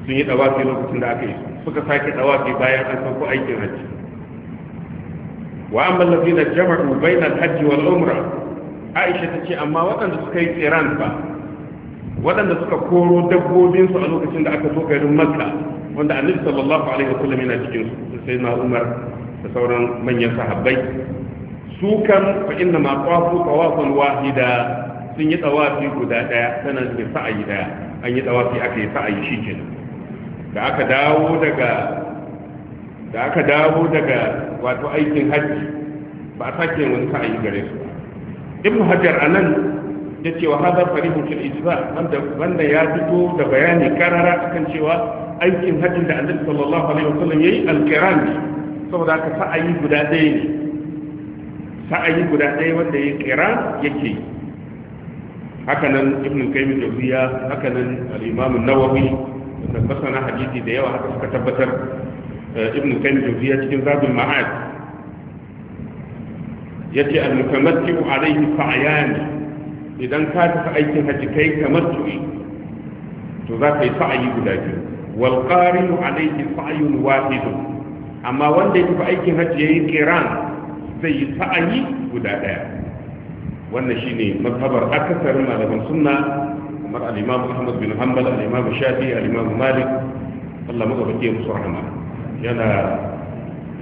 Speaker 1: sun yi tawafi lokacin da aka yi suka sake tawafi bayan an sauko aikin haji wa amma na jama'u bainal hajji wal umra aisha ta ce amma waɗanda suka yi tsiran ba. waɗanda suka koro dabbobinsu a lokacin da aka so garin makka wanda annabi sallallahu alaihi wasallam yana cikin su sai na umar da sauran manyan sahabbai su kan fa inna ma qafu tawafan wahida sun yi tawafi guda daya sanan ne sa'ayi daya an yi tawafi aka yi sa'ayi shikenan da aka dawo daga da aka dawo daga wato aikin hajji ba a sake wani sa'ayi gare su ibnu hajar anan ya ce wa hada farihun fil ijza wanda ya fito da bayani karara akan cewa aikin hajjin da annabi sallallahu alaihi wasallam yayi alkiran ne saboda haka sa'ayi guda ɗaya ne sa'ayi guda ɗaya wanda ya kira yake yi haka nan ibn qayyim jawziya haka nan al-imam an-nawawi da masana hadisi da yawa haka suka tabbatar eh, ibn qayyim jawziya cikin zabul ma'ad yace al-mutamatti'u alayhi fa'yan idan ka tafi aikin hajji kai kamar tamattu'i to za ka yi sa'ayi guda biyu wal qarinu alayhi sa'yun wahid amma wanda ya tafi aikin hajji yayi qiran zai yi sa'ayi guda daya wannan shine mazhabar akasarin malaman sunna kamar al-imam Ahmad bin Hanbal al-imam Shafi'i al-imam Malik Allah madaukake musu rahama yana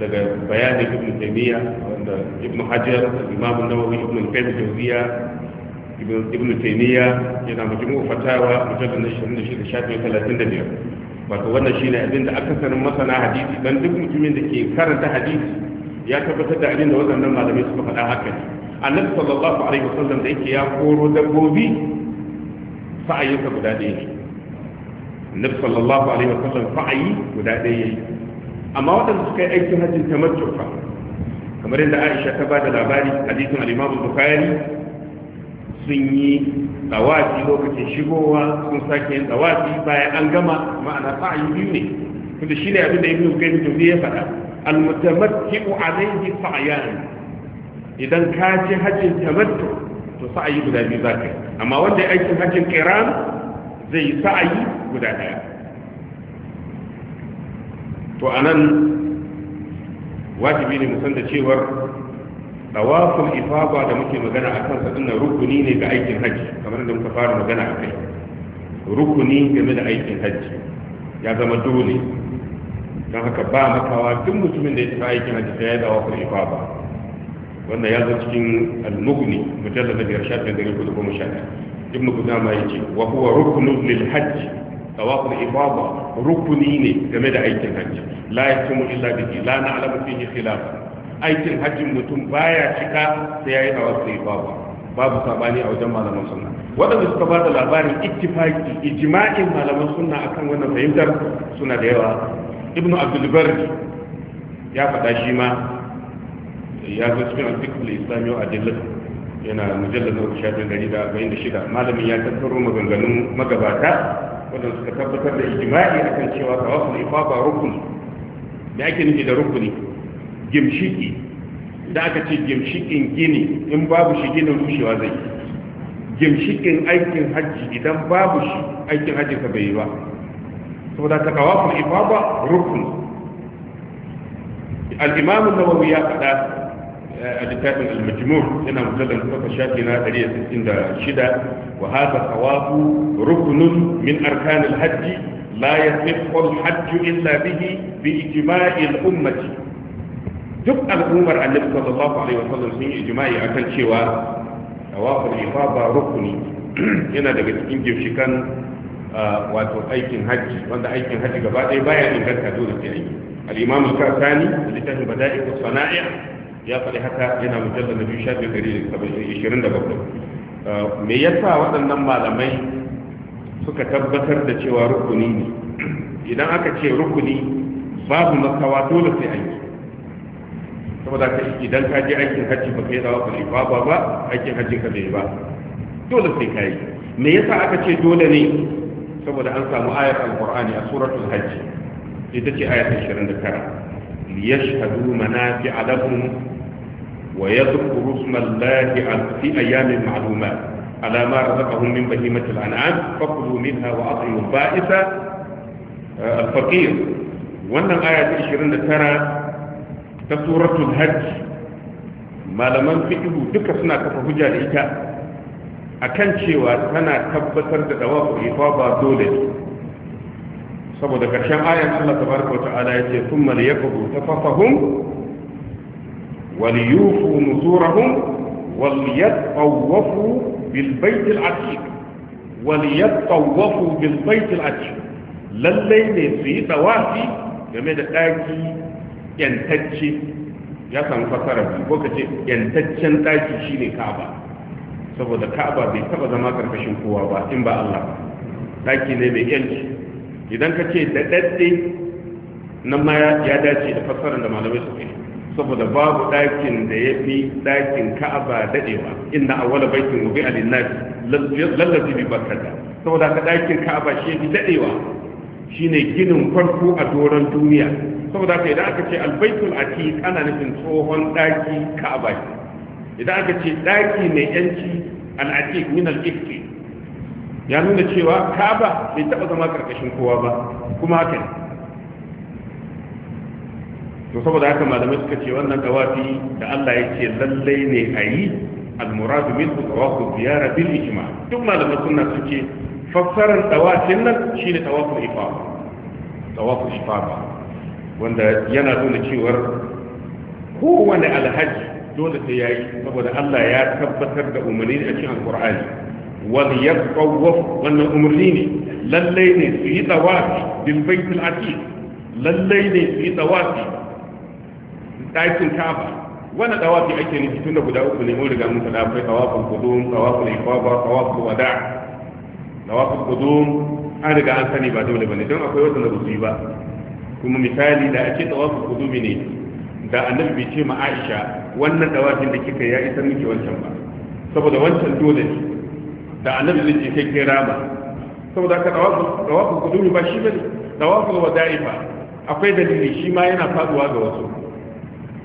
Speaker 1: daga bayanin ibn taymiya wanda ibn hajar imam nawawi ibn qayyim jawziya ibn taymiya yana mujmu fatawa mujallal na 26 shafin 35 wato wannan shi ne abin da sanin masana hadisi dan duk mutumin da ke karanta hadisi ya tabbatar da abin da waɗannan malamai suka faɗa haka ne annabi sallallahu alaihi wasallam da yake ya koro dabbobi sa'ayinsa guda ɗaya ne annabi sallallahu alaihi wasallam sa'ayi guda ɗaya ne amma waɗanda suka yi aikin hajjin tamattu fa kamar yadda Aisha ta ba da labari hadisin al-Imam Bukhari sun yi tsawafi lokacin shigowa sun sake yin tsawafi bayan an gama ma'ana sa'ayi biyu ne tunda shi ne abin da ibn qayyim jawzi ya faɗa almutamatti'u alaihi sa'yan idan ka ci hajjin tamattu to sa'ayi guda biyu za ka amma wanda ya aikin hajjin qiran zai yi sa'ayi guda daya to anan wajibi ne mu da cewar tawaful ifaba da muke magana a kansa din rukuni ne ga aikin hajji kamar da muka fara magana a kai rukuni game da aikin hajji ya zama dole don haka ba makawa duk mutumin da ya tafi aikin hajji sai ya tawaful ifaba wanda ya zama cikin al-mughni mujallad na biyar shafin da gari kudu goma sha ibnu kudama yace wa huwa ruknun lil hajji tawaful ifaba rukuni ne game da aikin hajji la yakumu illa bihi la na'lamu fihi khilafa aikin hajjin mutum baya cika sai yayi wasu babu babu sabani a wajen malaman sunna waɗanda suka ba da labarin ittifaki ijma'in malaman sunna akan wannan fahimtar suna da yawa ibnu abdul barri ya faɗa shi ma ya zo cikin alfikul islami a adillat yana mujallar na shafin gari da arba'in da shida malamin ya tattaro maganganun magabata wadanda suka tabbatar da ijma'i akan cewa tawaful ifaba rukun me ake nufi da rukuni gimshiki da aka ce gimshikin gini in babu shi ginin rushewa zai yi. gimshikin aikin hajji idan babu shi aikin hajji ka bai yi ba saboda ka tawafin ifaba rukun al na an ya faɗa eh, a littafin al-majmu' yana mujallal kafa shafi na 166 wa hadha tawafu rukunun min arkan al-hajj la ya al-hajj illa bihi bi ijma'i al-ummah duk al'ummar annabi sallallahu alaihi wasallam sun yi ijma'i akan cewa tawaful ifada rukuni yana daga cikin gimshikan uh, wato aikin hajji wanda aikin hajji gaba ɗaya baya inganta dole sai aiki al-imam al-kasani littafin bada'i wa sana'i ya faɗi haka yana mujallal na biyu sha biyu ɗari ishirin da bakwai uh, me yasa waɗannan malamai suka tabbatar da cewa rukuni ne idan aka ce rukuni babu masawa dole sai aiki saboda ka idan ka je aikin hajji ba kai dawo kuli ba ba aikin hajji ka bai ba dole sai kai me yasa aka ce dole ne saboda an samu ayat alqur'ani a suratul hajj ita ce ayat 29 liyashhadu manafi'a lahum wa yadhkuru ismallahi fi ayyamin ma'lumat ala ma razaqahum min bahimati al'an'am fakulu minha wa at'imu ba'isa al-faqir wannan aya 29 ta suratul hajj malaman fiqhu duka suna kafa hujja da ita a kan cewa tana tabbatar da dawafu ba dole saboda ƙarshen ayan Allah tabaraka wa ta'ala yace thumma liyaqbu tafafahum wal yufu nusurahum وليطوفوا بالبيت العتيق وليطوفوا بالبيت العتيق lallai ne su yi tsawafi game da ɗaki yantacce ya samu fasara biyu ko ka ce yantaccen ɗaki shine ka'aba saboda ka'aba bai taba zama karkashin kowa ba in ba Allah ɗaki ne mai yanci idan ka ce da daɗe nan ma ya dace da fasara da malamai su kai saboda babu ɗakin da ya fi ɗakin ka'aba daɗewa inda a wala baikin bi a linnafi lallazi bi barkata saboda ka ɗakin ka'aba shi ya fi daɗewa shine ginin farko a doron duniya saboda haka idan aka ce albaitul atiq ana nufin tsohon daki ka'aba idan aka ce daki mai yanci al-atiq min al ya nuna cewa ka'aba bai taba zama karkashin kowa ba kuma haka ne to saboda haka malamai suka ce wannan dawafi da Allah yake lallai ne a yi al-muradu minhu tawafu ziyara bil ijma duk malamai sunna suke fassarar dawafin nan shine tawafu ifa tawafu ifa wanda yana nuna cewar kowane alhaji dole sai yayi saboda Allah ya tabbatar da umarni a cikin alqur'ani wal yaqawwaf wannan umarni ne lallai ne su yi tawafi bil baitul atiq lallai ne su yi tawafi ɗakin ka'aba wani tawafi ake nufi tunda guda uku ne mun riga mun faɗa akwai tawafin qudum tawafin ifaba tawafin wada tawafin qudum an riga an sani ba dole bane don akwai wanda ba su yi ba kuma misali da ake tawafin kudubi ne da annabi bai ce ma Aisha wannan dawafin da kika ya isa miki wancan ba saboda wancan dole ne da annabi zai ce kai kira ba saboda ka tawafin kudubi ba shi bane tawafin wada'i ba akwai dalili shi ma yana faduwa ga wasu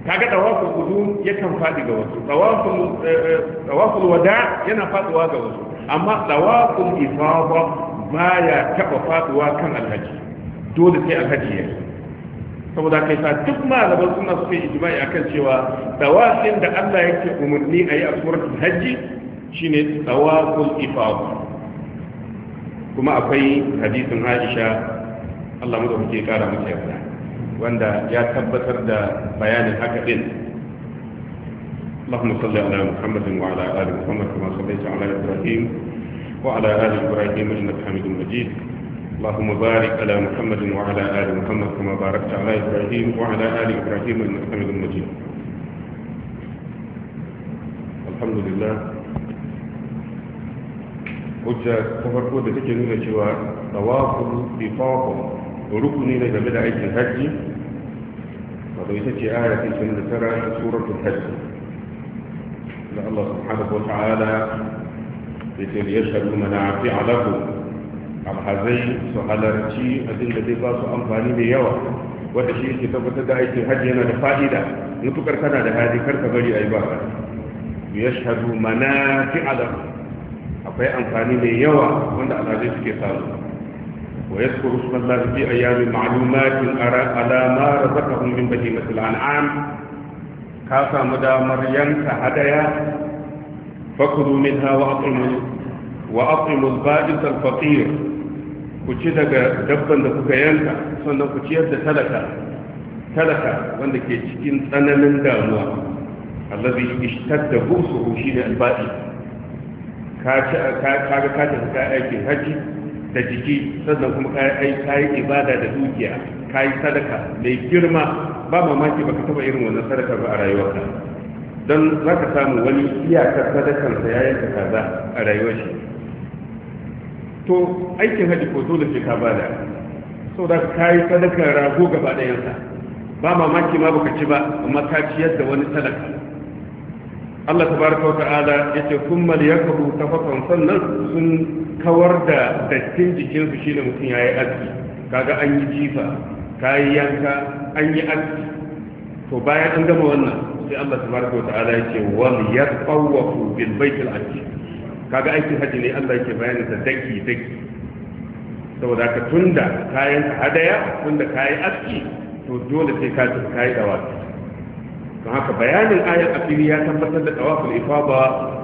Speaker 1: kaga tawaful qudum yakan fadi ga wasu tawaful eh, tawaful wada yana faduwa ga wasu amma tawaful ifada baya taba faduwa kan alhaji dole sai alhaji ya saboda kai sa duk malaman suna suka ijma'i akan cewa tawafin da Allah yake umarni a yi a suratul hajji shine tawaful ifad kuma akwai hadisin Aisha Allah mu da muke kara muke yarda wanda ya tabbatar da bayanin haka din اللهم صل على محمد وعلى ال محمد كما صليت على ابراهيم وعلى ال ابراهيم انك حميد مجيد اللهم بارك على محمد وعلى آل محمد كما باركت على إبراهيم وعلى آل إبراهيم المحمد المجيد الحمد لله حجة سفر قوة تجنة جوا تواصل بفاق ركني لك بدا عيد الحج وضيتك آية سنة ترى سورة الحج لأ الله سبحانه وتعالى يشهد منافع لكم alhazai su halarci abin da zai ba su amfani da yawa wanda shi ke tabbatar da aikin hajji yana da fa'ida mutukar kana da hali kar ka bari ayi ba ya shahadu manafi alam akwai amfani mai yawa wanda alhazai suke samu wa yadhkuru ismallahi fi ayyamin ma'lumatin ala ma razaqahum min bahimatil an'am ka samu damar yanka hadaya fakuru minha wa aqimu wa aqimu al-ba'is al-faqir ku ci daga dabban da kuka yanka sannan ku ciyar da talaka talaka wanda ke cikin tsananin damuwa allazi ishtadda busuhu ne alba'i ka ka ka tafi ka aikin haji da jiki sannan kuma ka yi ibada da dukiya ka yi sadaka mai girma ba mamaki baka taba irin wannan sadaka ba a rayuwarka don zaka samu wani iyakar sadakarsa ya yanka kaza a rayuwar to aikin haji ko dole sai ka bada so da ka yi sadakar rago gaba ɗayansa ba mamaki ma baka ci ba amma ka ciyar da wani sadaka Allah tabaraka wa ta'ala yace kuma liyakabu tafafan sannan sun kawar da dattin jikinsu shine mutum yayi aski kaga an yi jifa yi yanka an yi aski to bayan an gama wannan sai Allah tabaraka wa ta'ala yace wa yatawwafu bil baitil atiq kaga aikin hajji ne Allah yake bayanin sa daki daki saboda ka tunda kayan hadaya tunda kayi aski to dole sai ka tafi kayi dawafi don haka bayanin ayar asiri ya tabbatar da kuma dawaful ba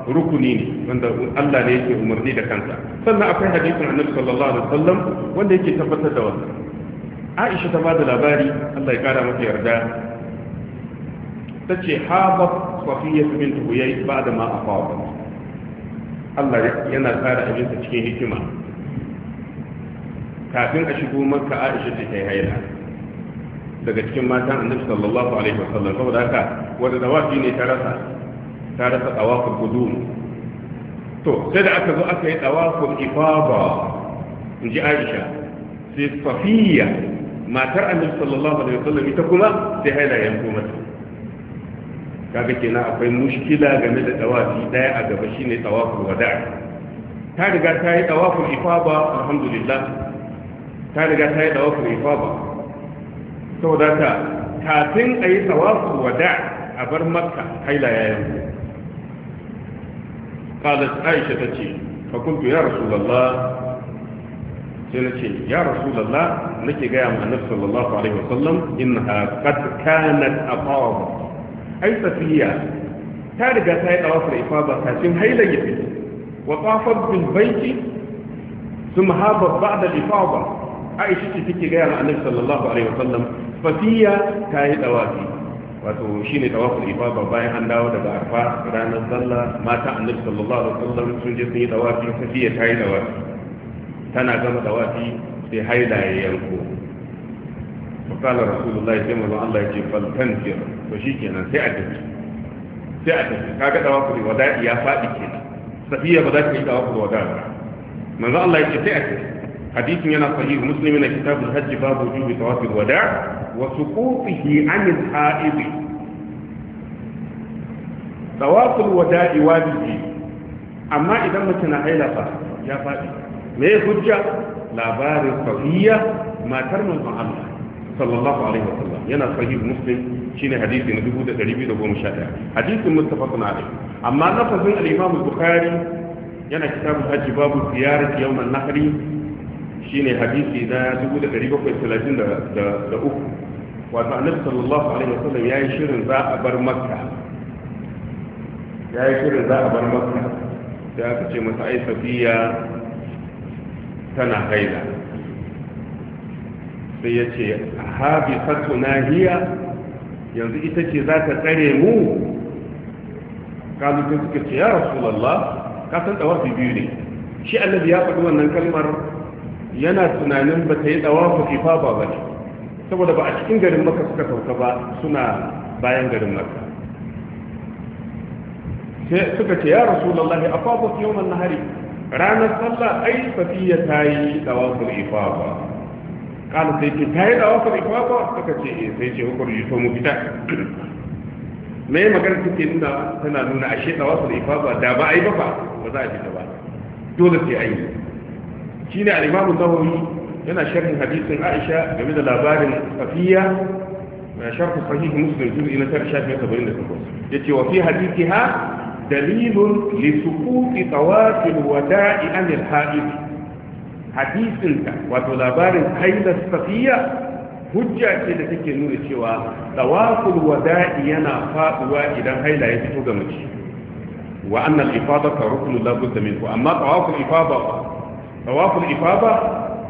Speaker 1: rukuni ne wanda Allah ne yake umarni da kansa sannan akwai hadisin Annabi sallallahu alaihi wasallam wanda yake tabbatar da wannan Aisha ta bada labari Allah ya kara mata yarda tace haba Safiya bint Huyay ba'da ma afawa Allah yana tsara abinsa cikin hikima kafin a shigo maka Aisha ta kai haila daga cikin matan Annabi sallallahu alaihi wasallam saboda haka wanda dawafi ne ta rasa ta rasa tawaful qudum to sai da aka zo aka yi tawaful ifada in ji Aisha sai Safiya matar Annabi sallallahu alaihi wasallam ita kuma sai haila ya zo mata kaga kenan akwai mushkila game da tawafi daya a gaba shine tawaful wada'i ta riga ta yi tawaful ifaba alhamdulillah ta riga ta yi tawaful ifaba saboda ta kafin a yi tawaful wada'i a bar makka haila ya yanzu Aisha قالت عائشة تتي فقلت يا رسول الله سنتي يا رسول الله نكي قيام النبي صلى الله in وسلم إنها قد a أطاب ai safiya ta riga ta yi dawafar ifaba kafin hailan ya fito wa tafar bil baiti sun da ifaba ifada aisha ce take gaya yana sallallahu alaihi wasallam safiya ta yi dawafi wato shine dawafar ifaba bayan an dawo daga arfa ranar sallah mata annabi sallallahu alaihi wasallam sun je sun yi dawafi safiya ta yi dawafi tana gama dawafi sai haila yanko فقال رسول الله صلى الله عليه وسلم فلتنفر فشيكنا سعدت سعدت كاكا توافر ودائي يا فائك سفية بدأت لي توافر ودائي من ذا الله يجي سعدت حديث ينا صحيح مسلم من كتاب الحج باب وجوب توافر وداع وسقوطه عن الحائض توافر ودائي واجبه أما إذا ما كان حيلا يا فائك ما يخجع لا بارد صحية ما ترمز مع الله sallallahu alaihi wasallam yana sahih muslim shine hadisi na 2211 hadisin muttafaqun alaihi amma lafazin al-imam bukhari yana kitabul hajj babu ziyarat yawm an-nahri shine hadisi na 1733 wato annabi sallallahu alaihi wasallam yayi shirin za a bar makka yayi shirin za a bar makka da aka ce masa ai biya tana haila sai ya ce habisatu nahiya yanzu ita ce za ta tsare mu kalutun suka ce ya rasulallah ka san dawafi biyu ne shi annabi ya faɗi wannan kalmar yana tunanin ba ta yi dawafi kifa ba ba ne saboda ba a cikin garin maka suka sauka ba suna bayan garin maka sai suka ce ya rasulallah ya afafa yawman nahari ranar sallah ai safiya ta yi dawafin ifa ba kala sai ce ta yi da wasu ifafa suka ce eh sai ce hukun yi mu fita me magana take nuna tana nuna ashe da wasu ifafa da ba a yi ba ba za a fita ba dole sai a yi shi ne alimamu nawawi yana sharhin hadisin aisha game da labarin safiya na sharhu sahih muslim juz'i na tar shafi 78 yace wa fi hadithiha dalilun li suquti tawafil wada'i anil hadisinka wato labarin haila safiya hujja ce da take nuna cewa tawaful wada'i yana faduwa idan haila ya fito ga mace wa annal ifada ka rukunu la budda minhu amma tawaful ifada tawaful ifada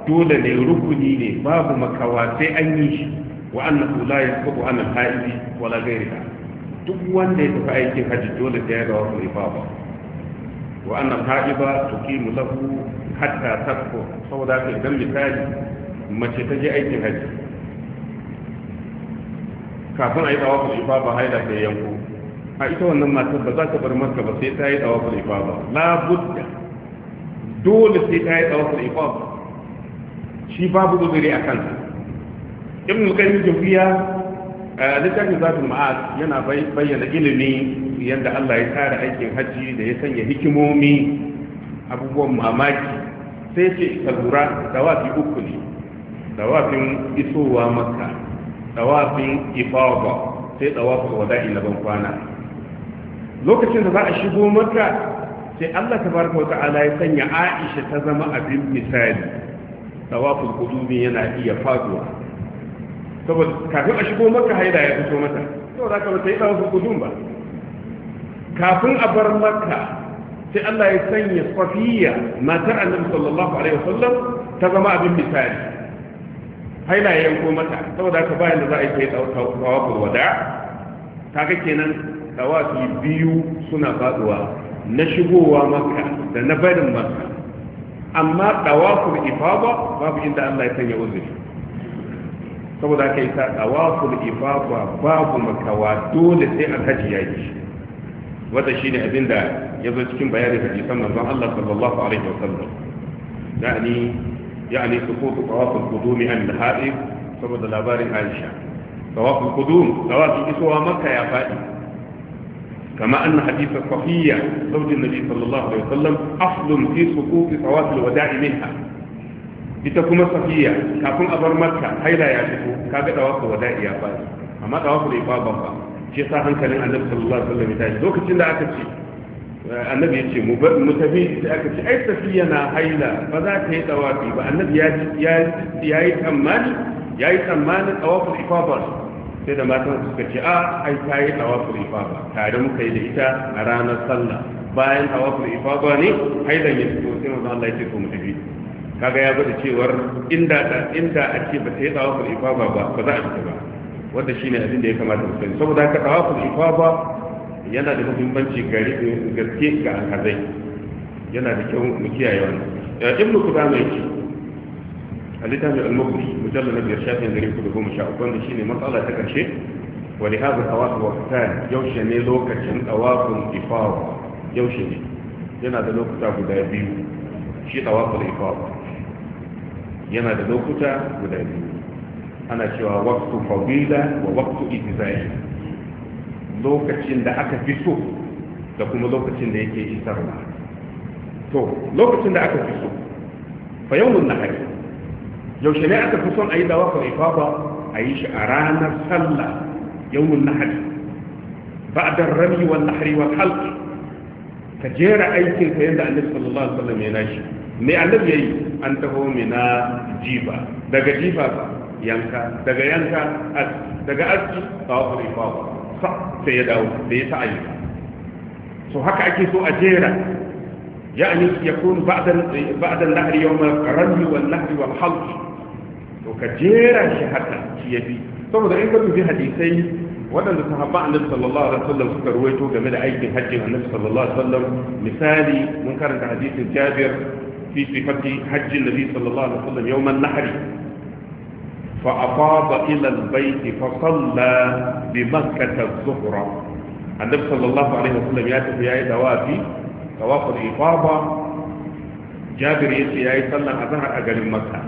Speaker 1: dole ne rukuni ne babu makawa sai an yi shi wa annahu la yasqutu an al-haidi wala ghayriha duk wanda ya tafi aikin haji dole sai ya tawaful ifada wa annan ha'iba tuqimu lahu hatta tasfu saboda ka idan misali mace ta je aikin haji kafin a yi tawaful ba haida ta yanko a ita wannan matar ba za ta bar maka ba sai ta yi tawaful ifaba la budda dole sai ta yi tawaful ifaba shi babu uzuri a kansa ibn al-qayyim a littafin zatul ma'ad yana bayyana ilimi yadda Allah ya tara aikin hajji da ya sanya hikimomi abubuwan mamaki sai ce ka lura wafi uku ne dawafin isowa maka dawafin ifaba sai dawafin wada'i na kwana lokacin da za a shigo maka sai Allah ta tabaraka wata'ala ya sanya Aisha ta zama abin misali dawafin kudubi yana iya faduwa saboda kafin a shigo maka haida ya fito mata to za ka bata yi dawafin kudun ba kafin a bar makka sai Allah ya sanya safiya matar annabi sallallahu alaihi wasallam ta zama abin misali haila ya yanko mata saboda haka bayan da za a yi sai tawaful wada kaga kenan tawafi biyu suna faduwa na shigowa makka da na barin makka amma tawaful ifada babu inda Allah ya sanya uzuri saboda haka yi ta tawaful ifada babu makawa dole sai alhaji ya yi shi wata shi ne abin da ya zo cikin bayanin hadisan manzon Allah sallallahu alaihi wasallam yani yani sukutu tawaful qudumi an al-ha'ib saboda labarin Aisha tawaful qudum tawaful isowa makka ya fadi كما أن حديث صفية زوج النبي صلى الله عليه وسلم أصل في سقوط طواف الوداع منها لتكون صفية كافون أبر مكة هيدا يعرفوا كابت طواف الوداع يا فادي أما طواف الإفاضة shi sa hankalin annabi sallallahu alaihi wasallam ya tashi lokacin da aka ce annabi ya ce mu tafi sai aka ce ai tafiya na haila ba za ta yi tawafi ba annabi ya ya yi tsammani ya yi tsammanin tawaful ifaba sai da matan suka ce a ai ta yi tawaful ifaba tare muka yi da ita a ranar sallah bayan tawaful ifaba ne hailan ya fito sai manzo Allah ya ce ko mu tafi kaga ya gwada cewar inda inda a ce ba ta yi tawaful ifaba ba ba za a fita ba wanda shine abin da ya kamata mu sani saboda haka shi ifada yana da muhimmanci gari gaske ga alhazai yana da kyau mu kiyaye wannan ya ibnu kudama yake a littafin al-mukhri mujallal na biyar shafin da ku goma sha uku wanda shine matsala ta karshe wa li hadha wa waqtan yaushe ne lokacin tawaful ifada yaushe ne yana da lokuta guda biyu shi tawaful ifada yana da lokuta guda biyu ana cewa waktu fadila wa waktu ibzai lokacin da aka fi so da kuma lokacin da yake isarwa to lokacin da aka fi so fa yawmun nahar yaushe ne aka fi son ayi dawa fa ifada ayi shi a ranar sallah yawmun nahar ba'da ar-rami wal nahri wal halq ka jera aikin ka yadda annabi sallallahu alaihi wasallam ya nashi me annabi yayi an taho mina jifa daga jifa yanka daga yanka daga aski tawafu ifadu sa sai ya dawo da ya ta ayyuka so haka ake so a jera يعني يكون بعد بعد النهر يوم الرمي والنهر والحلق وكجيرا شهدا كيبي ثم اذا انت في حديثي وانا نتهبع النبي صلى الله عليه وسلم كرويته جميل إذا في حج النبي صلى الله عليه وسلم مثالي منكر حديث جابر في صفة حج النبي صلى الله عليه وسلم يوم النهر فأفاض إلى البيت فصلى بمكة الظهر النبي صلى الله عليه وسلم يأتي في آية دوافي طواف الإفاضة جابر يأتي آية صلى أظهر أجل مكة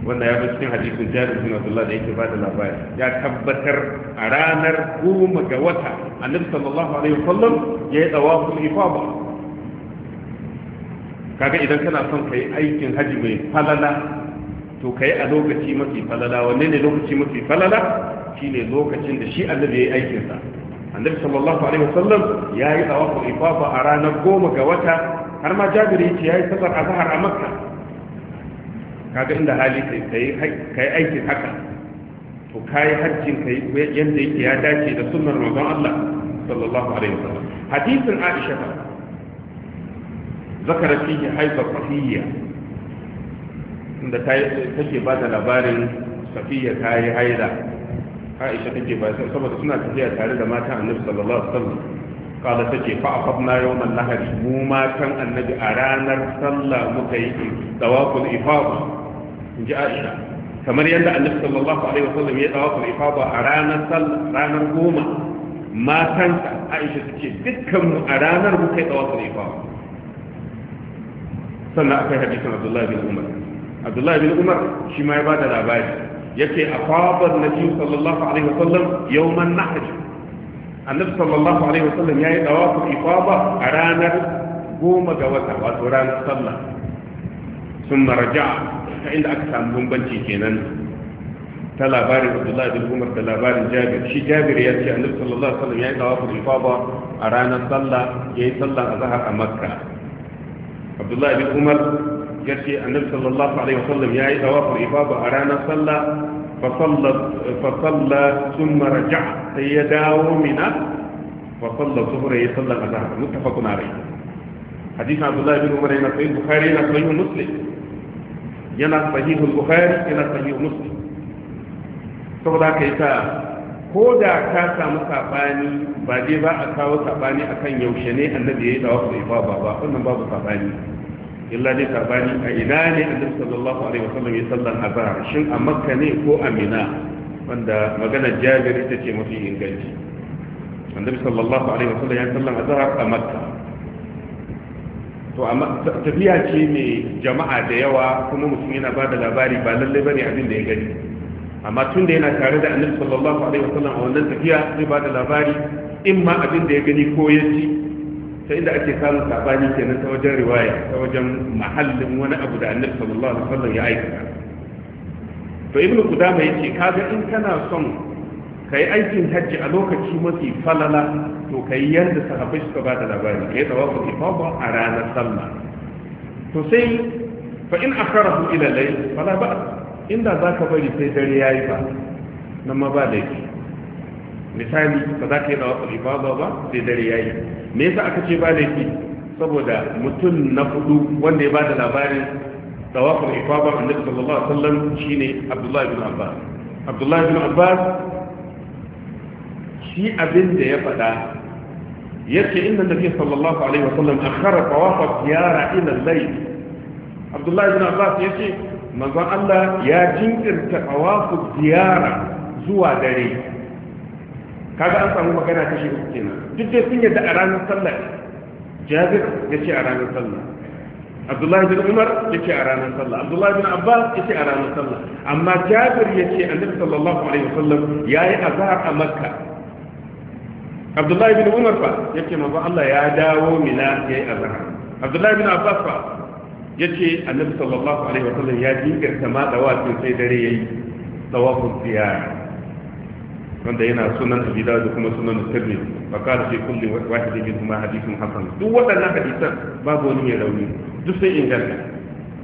Speaker 1: wanda ya cikin hadisin jabir bin abdullah da yake bada labari ya tabbatar a ranar goma ga wata annabi sallallahu alaihi wasallam ya yi tawaful ifada kaga idan kana son kai aikin haji mai falala to kai a lokaci mafi falala wanne ne lokaci mafi falala shine lokacin da shi annabi yi aikin sa annabi sallallahu alaihi wasallam yi tawafu ifafa a ranar goma ga wata har ma jabiri yace yi sallar azhar a makka kaga inda hali kai kai kai aikin haka to kai hajjin kai yanda yake ya dace da sunnar manzon Allah sallallahu alaihi wasallam hadisin Aisha ذكرت فيه حيض الصحية inda take ba da labarin safiya ta yi haida aisha take ba saboda suna tafiya tare da matan annabi sallallahu alaihi wasallam kala take fa afabna yawmal nahari mu matan annabi a ranar sallah muka yi tawaful ifada inji aisha kamar yadda annabi sallallahu alaihi wasallam ya tawaful ifada a ranar sallah ranar goma matansa aisha take dukkan mu a ranar muka yi tawaful ifada sannan akai hadisin abdullahi bin umar abdullahi bin umar shi ma ya bada labari yace afaban nabi sallallahu alaihi wasallam yawman nahj annabi sallallahu alaihi wasallam ya yayi dawafu ifaba a ranar goma ga wata wato ranar sallah sun maraja ta inda aka samu bambanci kenan ta labarin abdullahi bin umar da labarin jabir shi jabir ya ce annabi sallallahu alaihi wasallam ya yayi dawafu ifaba a ranar sallah yayi sallah a zahar a makka abdullahi bin umar yace annabi sallallahu alaihi wasallam yayi tawaful ifada a ranar sallah fa sallat fa salla thumma raja'a sai ya dawo mina fa salla zuhra ya salla azhar muttafaqun alayhi hadith abdullah ibn umar yana sahih bukhari yana sahih muslim yana sahih bukhari yana sahih muslim saboda haka yasa ko da ka samu sabani ba dai ba a kawo sabani akan yaushe ne annabi yayi tawaful ifada ba wannan babu sabani illa dai sabani a ina ne a annabi sallallahu alaihi wasallam ya sallan azhar shin a makka ne ko a mina wanda maganar jabir ita ce mafi inganci annabi sallallahu alaihi wasallam ya sallan azhar a makka to amma tafiya ce mai jama'a da yawa kuma mutum yana ba da labari ba lallai bane abin da ya gani amma tun da yana tare da annabi sallallahu alaihi wasallam a wannan tafiya zai ba da labari in ma abin da ya gani ko ya ji ta inda ake samun sabani kenan ta wajen riwaya ta wajen mahallin wani abu da annabi sallallahu alaihi wasallam ya aikata to ibnu qudama yace kaga in kana son kai aikin hajji a lokaci mafi falala to kai yanda sahabbai suka bada labari kai tawafu ifada a ranar sallah to sai fa in akharahu ila layl fala ba inda zaka bari sai dare yayi ba nan ma ba laifi misali ba za ka yi dawa ibada ba sai dare ya yi me yasa aka ce ba laifi saboda mutum na hudu wanda ya bada labarin tawaful ifaba annabi sallallahu alaihi wasallam shine Abdullah ibn Abbas Abdullah ibn Abbas shi abin da ya faɗa yace inna nabi sallallahu alaihi wasallam akhara tawaf ziyara ila al-layl Abdullah ibn Abbas yace manzon Allah ya jinkirta tawaf ziyara zuwa dare kaga an samu magana kashi uku kenan duk da sun yadda a ranar sallah jabir ya ce a ranar sallah abdullahi bin umar ya ce a ranar sallah abdullahi bin abbas ya ce a ranar sallah amma jabir ya ce annabi sallallahu alaihi wasallam ya yi azhar a makka abdullahi bin umar fa ya ce manzo allah ya dawo mina ya yi azhar abdullahi bin abbas fa ya ce annabi sallallahu alaihi wasallam ya jinkirta ma dawafin sai dare ya yi dawafin ziyara wanda yana sunan abi da kuma sunan tirmidhi fa qala fi kulli wahidin minhuma hadithun hasan duk waɗannan hadisan babu wani mai rauni duk sun inganta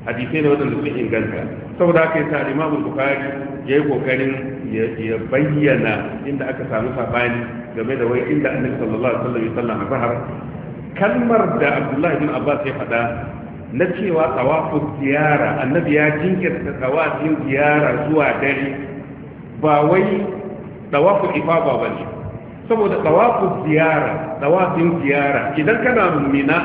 Speaker 1: hadisai ne waɗanda sun inganta saboda haka yasa Imam Bukhari yi kokarin ya bayyana inda aka samu sabani game da wai inda Annabi sallallahu alaihi wasallam ya sallama zahar kalmar da Abdullah ibn Abbas ya faɗa na cewa tawafu ziyara annabi ya jinkirta tawafin ziyara zuwa dare ba wai tawafu ifaba bane saboda tawafu ziyara tawafin ziyara idan kana mina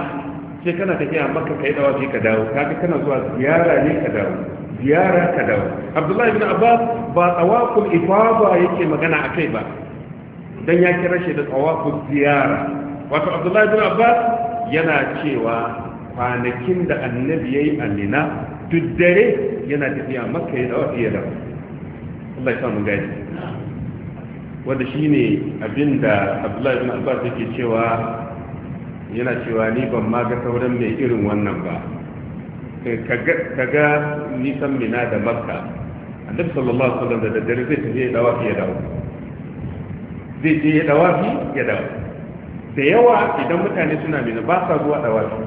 Speaker 1: sai kana tafiya maka kai tawafi ka dawo kaga kana zuwa ziyara ne ka dawo ziyara ka dawo abdullahi ibn abbas ba tawafu ifaba yake magana akai ba dan ya kira shi da tawafu ziyara wato abdullahi ibn abbas yana cewa kwanakin da annabi yayi a mina duk dare yana tafiya maka ya dawo ya dawo Allah ya samu gaji wanda ne abin da abdullahi bin abbas yake cewa yana cewa ni ban ma ga sauran mai irin wannan ba ka ga nisan mina da makka annabi sallallahu alaihi wasallam da daddare zai tafi ya dawafi ya dawo zai je ya dawafi ya dawo da yawa idan mutane suna mina ba sa zuwa dawafi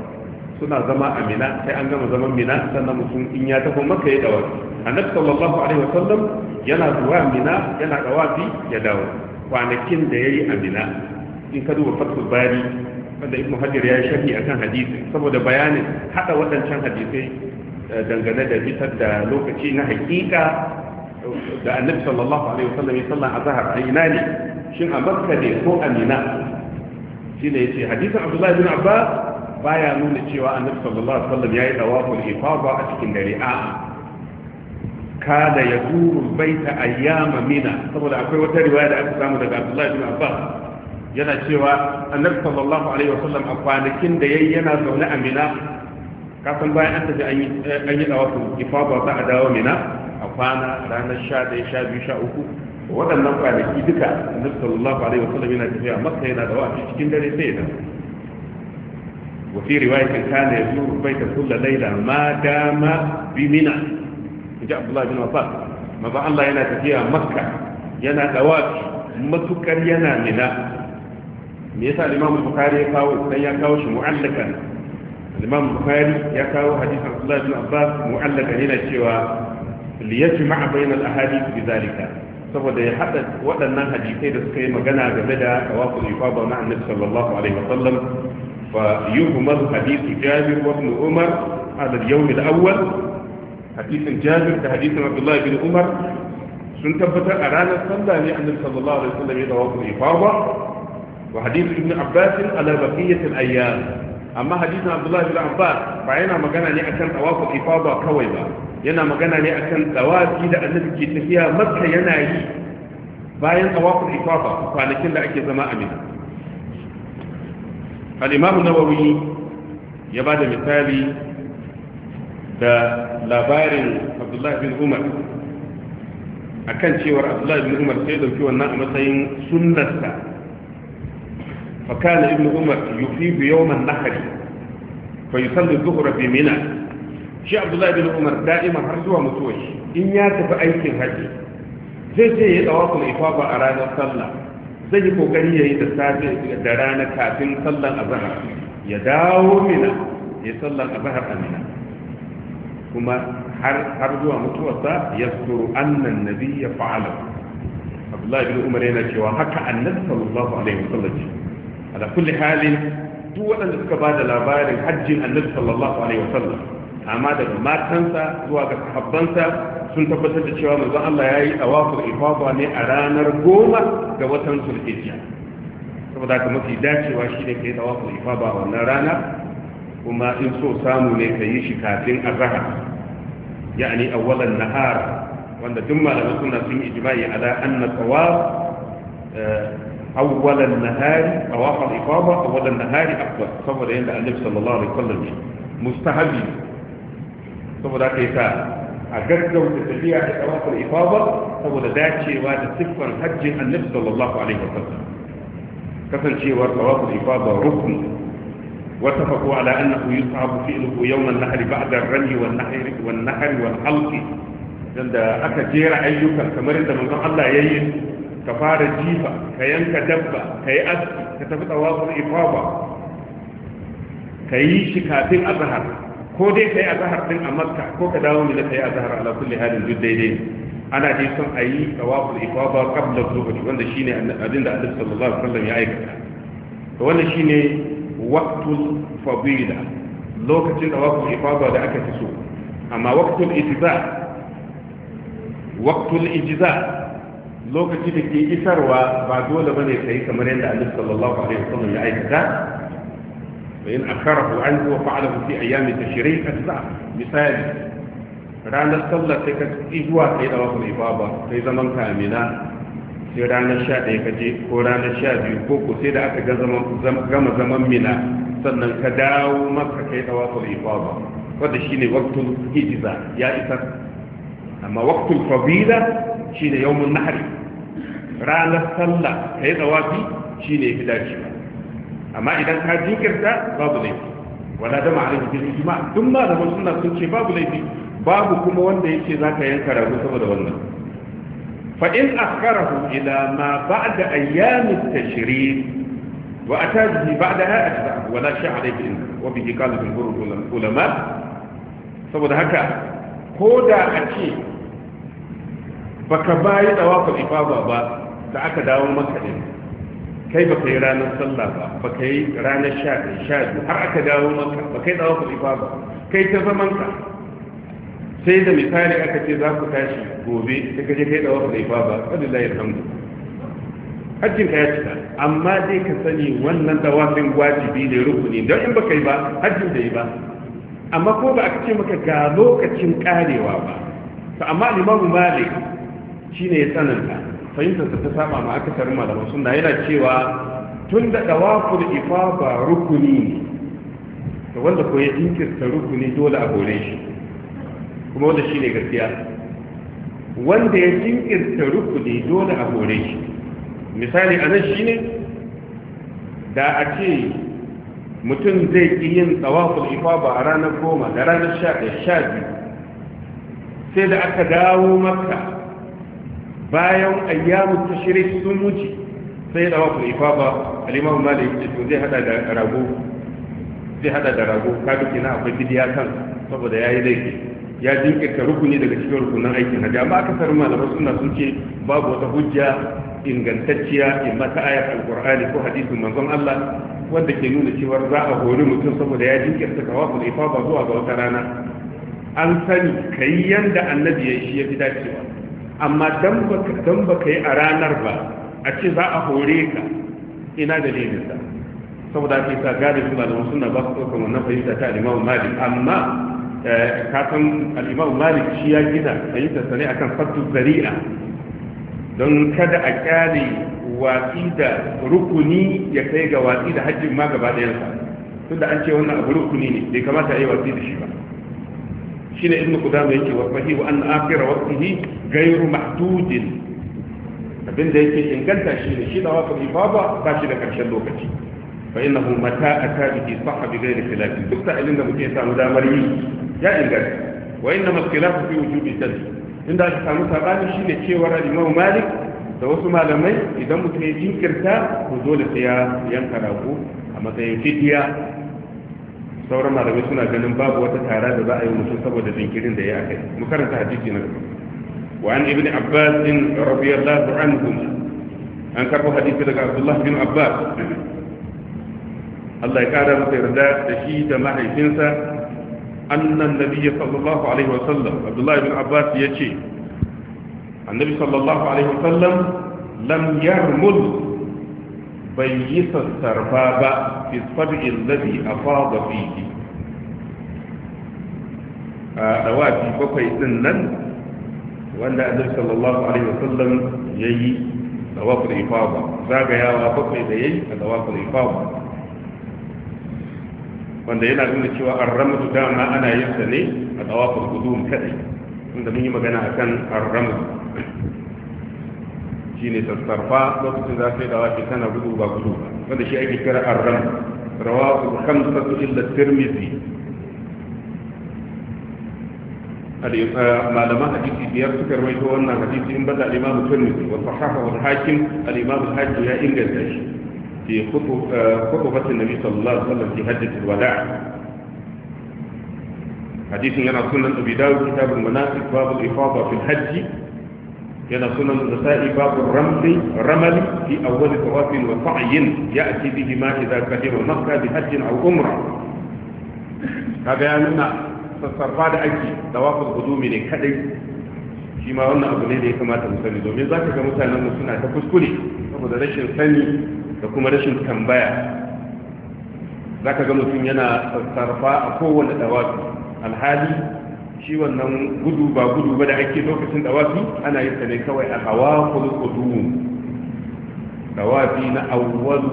Speaker 1: suna zama a mina sai an gama zaman mina sannan mutum in ya tafi maka ya dawo annabi sallallahu alaihi wasallam yana zuwa mina yana dawafi ya dawo kwanakin da yayi a mina in ka duba fatu bari wanda ibnu hajar ya sharhi akan hadisi saboda bayanin hada waɗancan hadisai eh, dangane da bitar da lokaci na hakika da annabi sallallahu alaihi wasallam ya sallan azhar a ina ne shin a makka ne ko a mina shine yace hadisin abdullahi bin abbas baya nuna cewa annabi sallallahu alaihi wasallam yayi tawaful ifada a cikin dare a kada ya zuru baita ayyama mina saboda akwai wata riwaya da aka samu daga Abdullah bin Abbas yana cewa annabi sallallahu alaihi wasallam a kwanakin da yayi yana zaune a mina kasan bayan an tafi an yi tawaful ifada za a dawo mina a kwana ranar 11 12 13 waɗannan kwanaki duka annabi sallallahu alaihi wasallam yana tafiya makka yana da wa'azi cikin dare sai ya dawo وفي رواية كان يزور البيت كل ليلة ما دام بمنى جاء عبد الله بن وفاة ما بعد الله ينا تفيها مكة ينا دواك مكة ينا منى ميسا الإمام البخاري يقاو يقاوش معلقا الإمام البخاري يقاو حديث عبد الله بن عباس معلقا هنا الشواء ليجمع بين الأحاديث بذلك saboda ya haɗa waɗannan hadisai da suka yi magana game da tawafin ifaba na annabi sallallahu alaihi فيهمل حديث جابر وابن عمر على اليوم الأول حديث جابر كحديث عبد الله بن عمر sun tabbatar a ranar sallah ne annabi sallallahu alaihi wasallam ya dawo kuma ifada wa hadith ibn abbas ala baqiyat al ayyam amma hadith abdullah ibn abbas ba yana magana ne akan tawaful ifada kawai ba yana magana ne akan tawafi da annabi ke tafiya yana yi bayan tawaful ifada kwanakin da ake zama a min. al'imamu nawawi ya ba da misali da labarin abdullahi bin umar a kan cewar abdullahi bin umar sai dauki wannan a matsayin sunnarsa fakana ibn umar fi biyo man nahari fa yusalli dhuhra bi mina shi abdullahi bin umar da'ima har zuwa mutuwa shi. in ya tafi aikin haji zai ce ya yi tawaful ifafa a ranar sallah zai yi kokari ya yi da safe da rana kafin sallan azahar. ya dawo mina ya sallan azahar a mina kuma har zuwa mutuwarsa ya suru annan nabi ya fa'ala abdullahi bin umar yana cewa haka annabi sallallahu alaihi wasallam ce ala kulli halin duk waɗanda suka ba da labarin hajjin annabi sallallahu alaihi wasallam amma daga matansa zuwa ga sahabbansa sun tabbatar da cewa manzon Allah yayi tawafu ifada ne a ranar goma ga watan zulhijja saboda haka mafi dacewa shi ne kai tawafu ifada wannan rana kuma in so samu ne ka yi shi kafin azhar yani awwalan nahar wanda duk malaman suna sun yi ijma'i ala anna tawaf awwalan nahari tawaful ifada awwalan nahari afdal saboda yanda annabi sallallahu alaihi wasallam mustahabi saboda ka yi sa a gaggauta tafiya da tawaful ifaba saboda dacewa da siffar hajjin annabi sallallahu alaihi wasallam kasancewar tawaful ifaba rukun واتفقوا على انه يصعب فعله يوم النحر بعد الرمي والنحر والنحر والحلق da aka jera ayyukan kamar da manzon Allah yayi ka fara jifa ka yanka dabba ka yi aski ka tafi tawaful ifaba ka yi shi kafin azhar ko dai ka kai azhar din a makka ko ka dawo mina kai azhar ala kulli halin duk daidai ana dai son a yi tawaful ifada qabla zuhri wanda shine abin da Annabi sallallahu alaihi wasallam ya aikata to wannan shine waqtul fadila lokacin tawaful ifada da aka fi so amma waqtul ittiba' waqtul ijza lokaci da ke isarwa ba dole bane kai kamar yadda Annabi sallallahu alaihi wasallam ya aikata فإن أخره عنه وفعله في أيام تشريع أجزاء مثال رانا صلى تكت إجواء إلى وقت الإبابة فإذا من كامنا سيرانا شاد يكجي ورانا شاد يكوكو سيدا أتقام زمن منا صلى كداو مكة إلى وقت الإبابة فهذا شيني وقت الإجزاء يا إسر أما وقت الفضيلة شيني يوم النحر رانا صلى كيدا وقت شيني في داشمان amma idan ka jinkirta babu laifi wala da ma'arin bil ijma duk ma da sunna sun ce babu laifi babu kuma wanda yake zaka yanka rago saboda wannan fa in akharahu ila ma ba'da ayyam at-tashrik wa atajihi ba'daha ajza wala shay alayhi wa bihi qala bil ulama saboda haka ko da a ce baka bayi tawaful ifada ba da aka dawo maka ne kai ba ka yi ranar sallah ba ba ka yi ranar sha ɗaya sha biyu har aka dawo maka baka yi tsawon kuɗi ba kai ta zaman ka sai da misali aka ce za ku tashi gobe sai ka je kai tsawon kuɗi ba ba wadda zai hamdu hajjin ka ya cika amma dai ka sani wannan dawafin wajibi ne rukuni don in baka yi ba hajjin da yi ba amma ko ba aka ce maka ga lokacin karewa ba to amma limamu malik shine ya tsananta fahimtarsa ta saba ma akasar malaman sunna yana cewa tun da dawaful ifaba rukuni ne to wanda ko ya jinkirta rukuni dole a gore shi kuma wanda shine gaskiya wanda ya jinkirta rukuni dole a gore shi misali a anan shine da a ce mutum zai ƙi yin tsawaful ifaba a ranar goma da ranar sha biyu sai da aka dawo maka bayan ayyamu tashrik sun wuce sai da wafu ifaba al-imam malik da su zai hada da rago zai hada da rago kaga kina akwai bidiya kan saboda yayi laifi ya jinkirta rukuni daga cikin rukunin aikin hajji amma akasarin malamai suna sun ce babu wata hujja ingantacciya in mata ayat ko hadisin manzon Allah wanda ke nuna cewa za a hori mutum saboda ya jinkirta tawaful ifaba zuwa ga wata rana an sani kai yanda annabi ya shi ya fi dacewa amma dan baka dan baka yi a ranar ba a ce za a hore ka ina da dalilin sa saboda ake sa gane su da suna ba su ɗaukar wannan fahimta ta alimamu malik amma eh, ka san alimamu malik shi ya gina fahimta sa ne akan fattu zari'a don kada a kyale watsi da rukuni ya kai ga watsi da hajjin ma gaba ɗayansa tunda an ce wannan abu rukuni ne bai kamata a yi watsi da shi ba shine ibnu qudama yake wa fahi wa an akhir waqtihi ghayru mahdudin abin da yake inganta shi ne shi da wafa ibaba ba shi da karshen lokaci fa innahu mata ata bihi sahha bi ghayri khilaf duk sa'ilin da muke samu damar yi ya inganta wa inna maskilafu fi wujubi dalil inda aka samu sabani shine cewa Imam Malik da wasu malamai idan mutum ya jinkirta ko dole sai ya yanka rago a matsayin fidiya sauran malamai suna ganin babu wata tara da za a yi mutum saboda jinkirin da ya kai mu karanta hadisi na gaba wa an ibn abbas radiyallahu anhu an karbo hadisi daga abdullah bin abbas Allah ya kara masa yarda da shi da mahaifinsa annan nabiyyi sallallahu alaihi wa sallam abdullah bin abbas yace annabi sallallahu alaihi wa sallam lam yarmud bai yi sassarfa ba في الصبع الذي أفاض فيه أوافي بقي سنا وأن النبي صلى الله عليه وسلم يي طواف الإفاضة bakwai يا بقي ده يي طواف الإفاضة wanda yana nuna cewa arramu dama ana yin sa ne a tsawafin gudun kadai wanda mun yi magana a kan arramu shi ne sassarfa lokacin za su yi dawafi tana gudu ba gudu ba هذا شيء أبي كرا أرم رواه الخمسة إلا الترمذي آه، ما لما حديث بيار سكر ما يتوانا حديث إن بدأ الإمام الترمذي والصحافة والحاكم الإمام الحاج يا إنجل داشي. في آه، خطبة النبي صلى الله عليه وسلم في هجة الوداع حديث أنا سنة أبي داود كتاب المناسك باب الإفاضة في الحج yana sunan nasa'i babu ramli ramali fi awwal tawafin wa sa'yin ya'ti bihi ma idza qadima makka bi hajjin aw umra kaga ya nuna sassarfa da ake tawafin gudumi ne kadai shi ma wannan abu ne da ya kamata mu sani domin zaka ga mutanen mu suna ta kuskure saboda rashin sani da kuma rashin tambaya zaka ga mutum yana sassarfa a kowane tawafi alhali shi wannan gudu ba gudu ba da ake lokacin dawafi ana yin sa ne kawai a hawaful qudum dawafi na awwal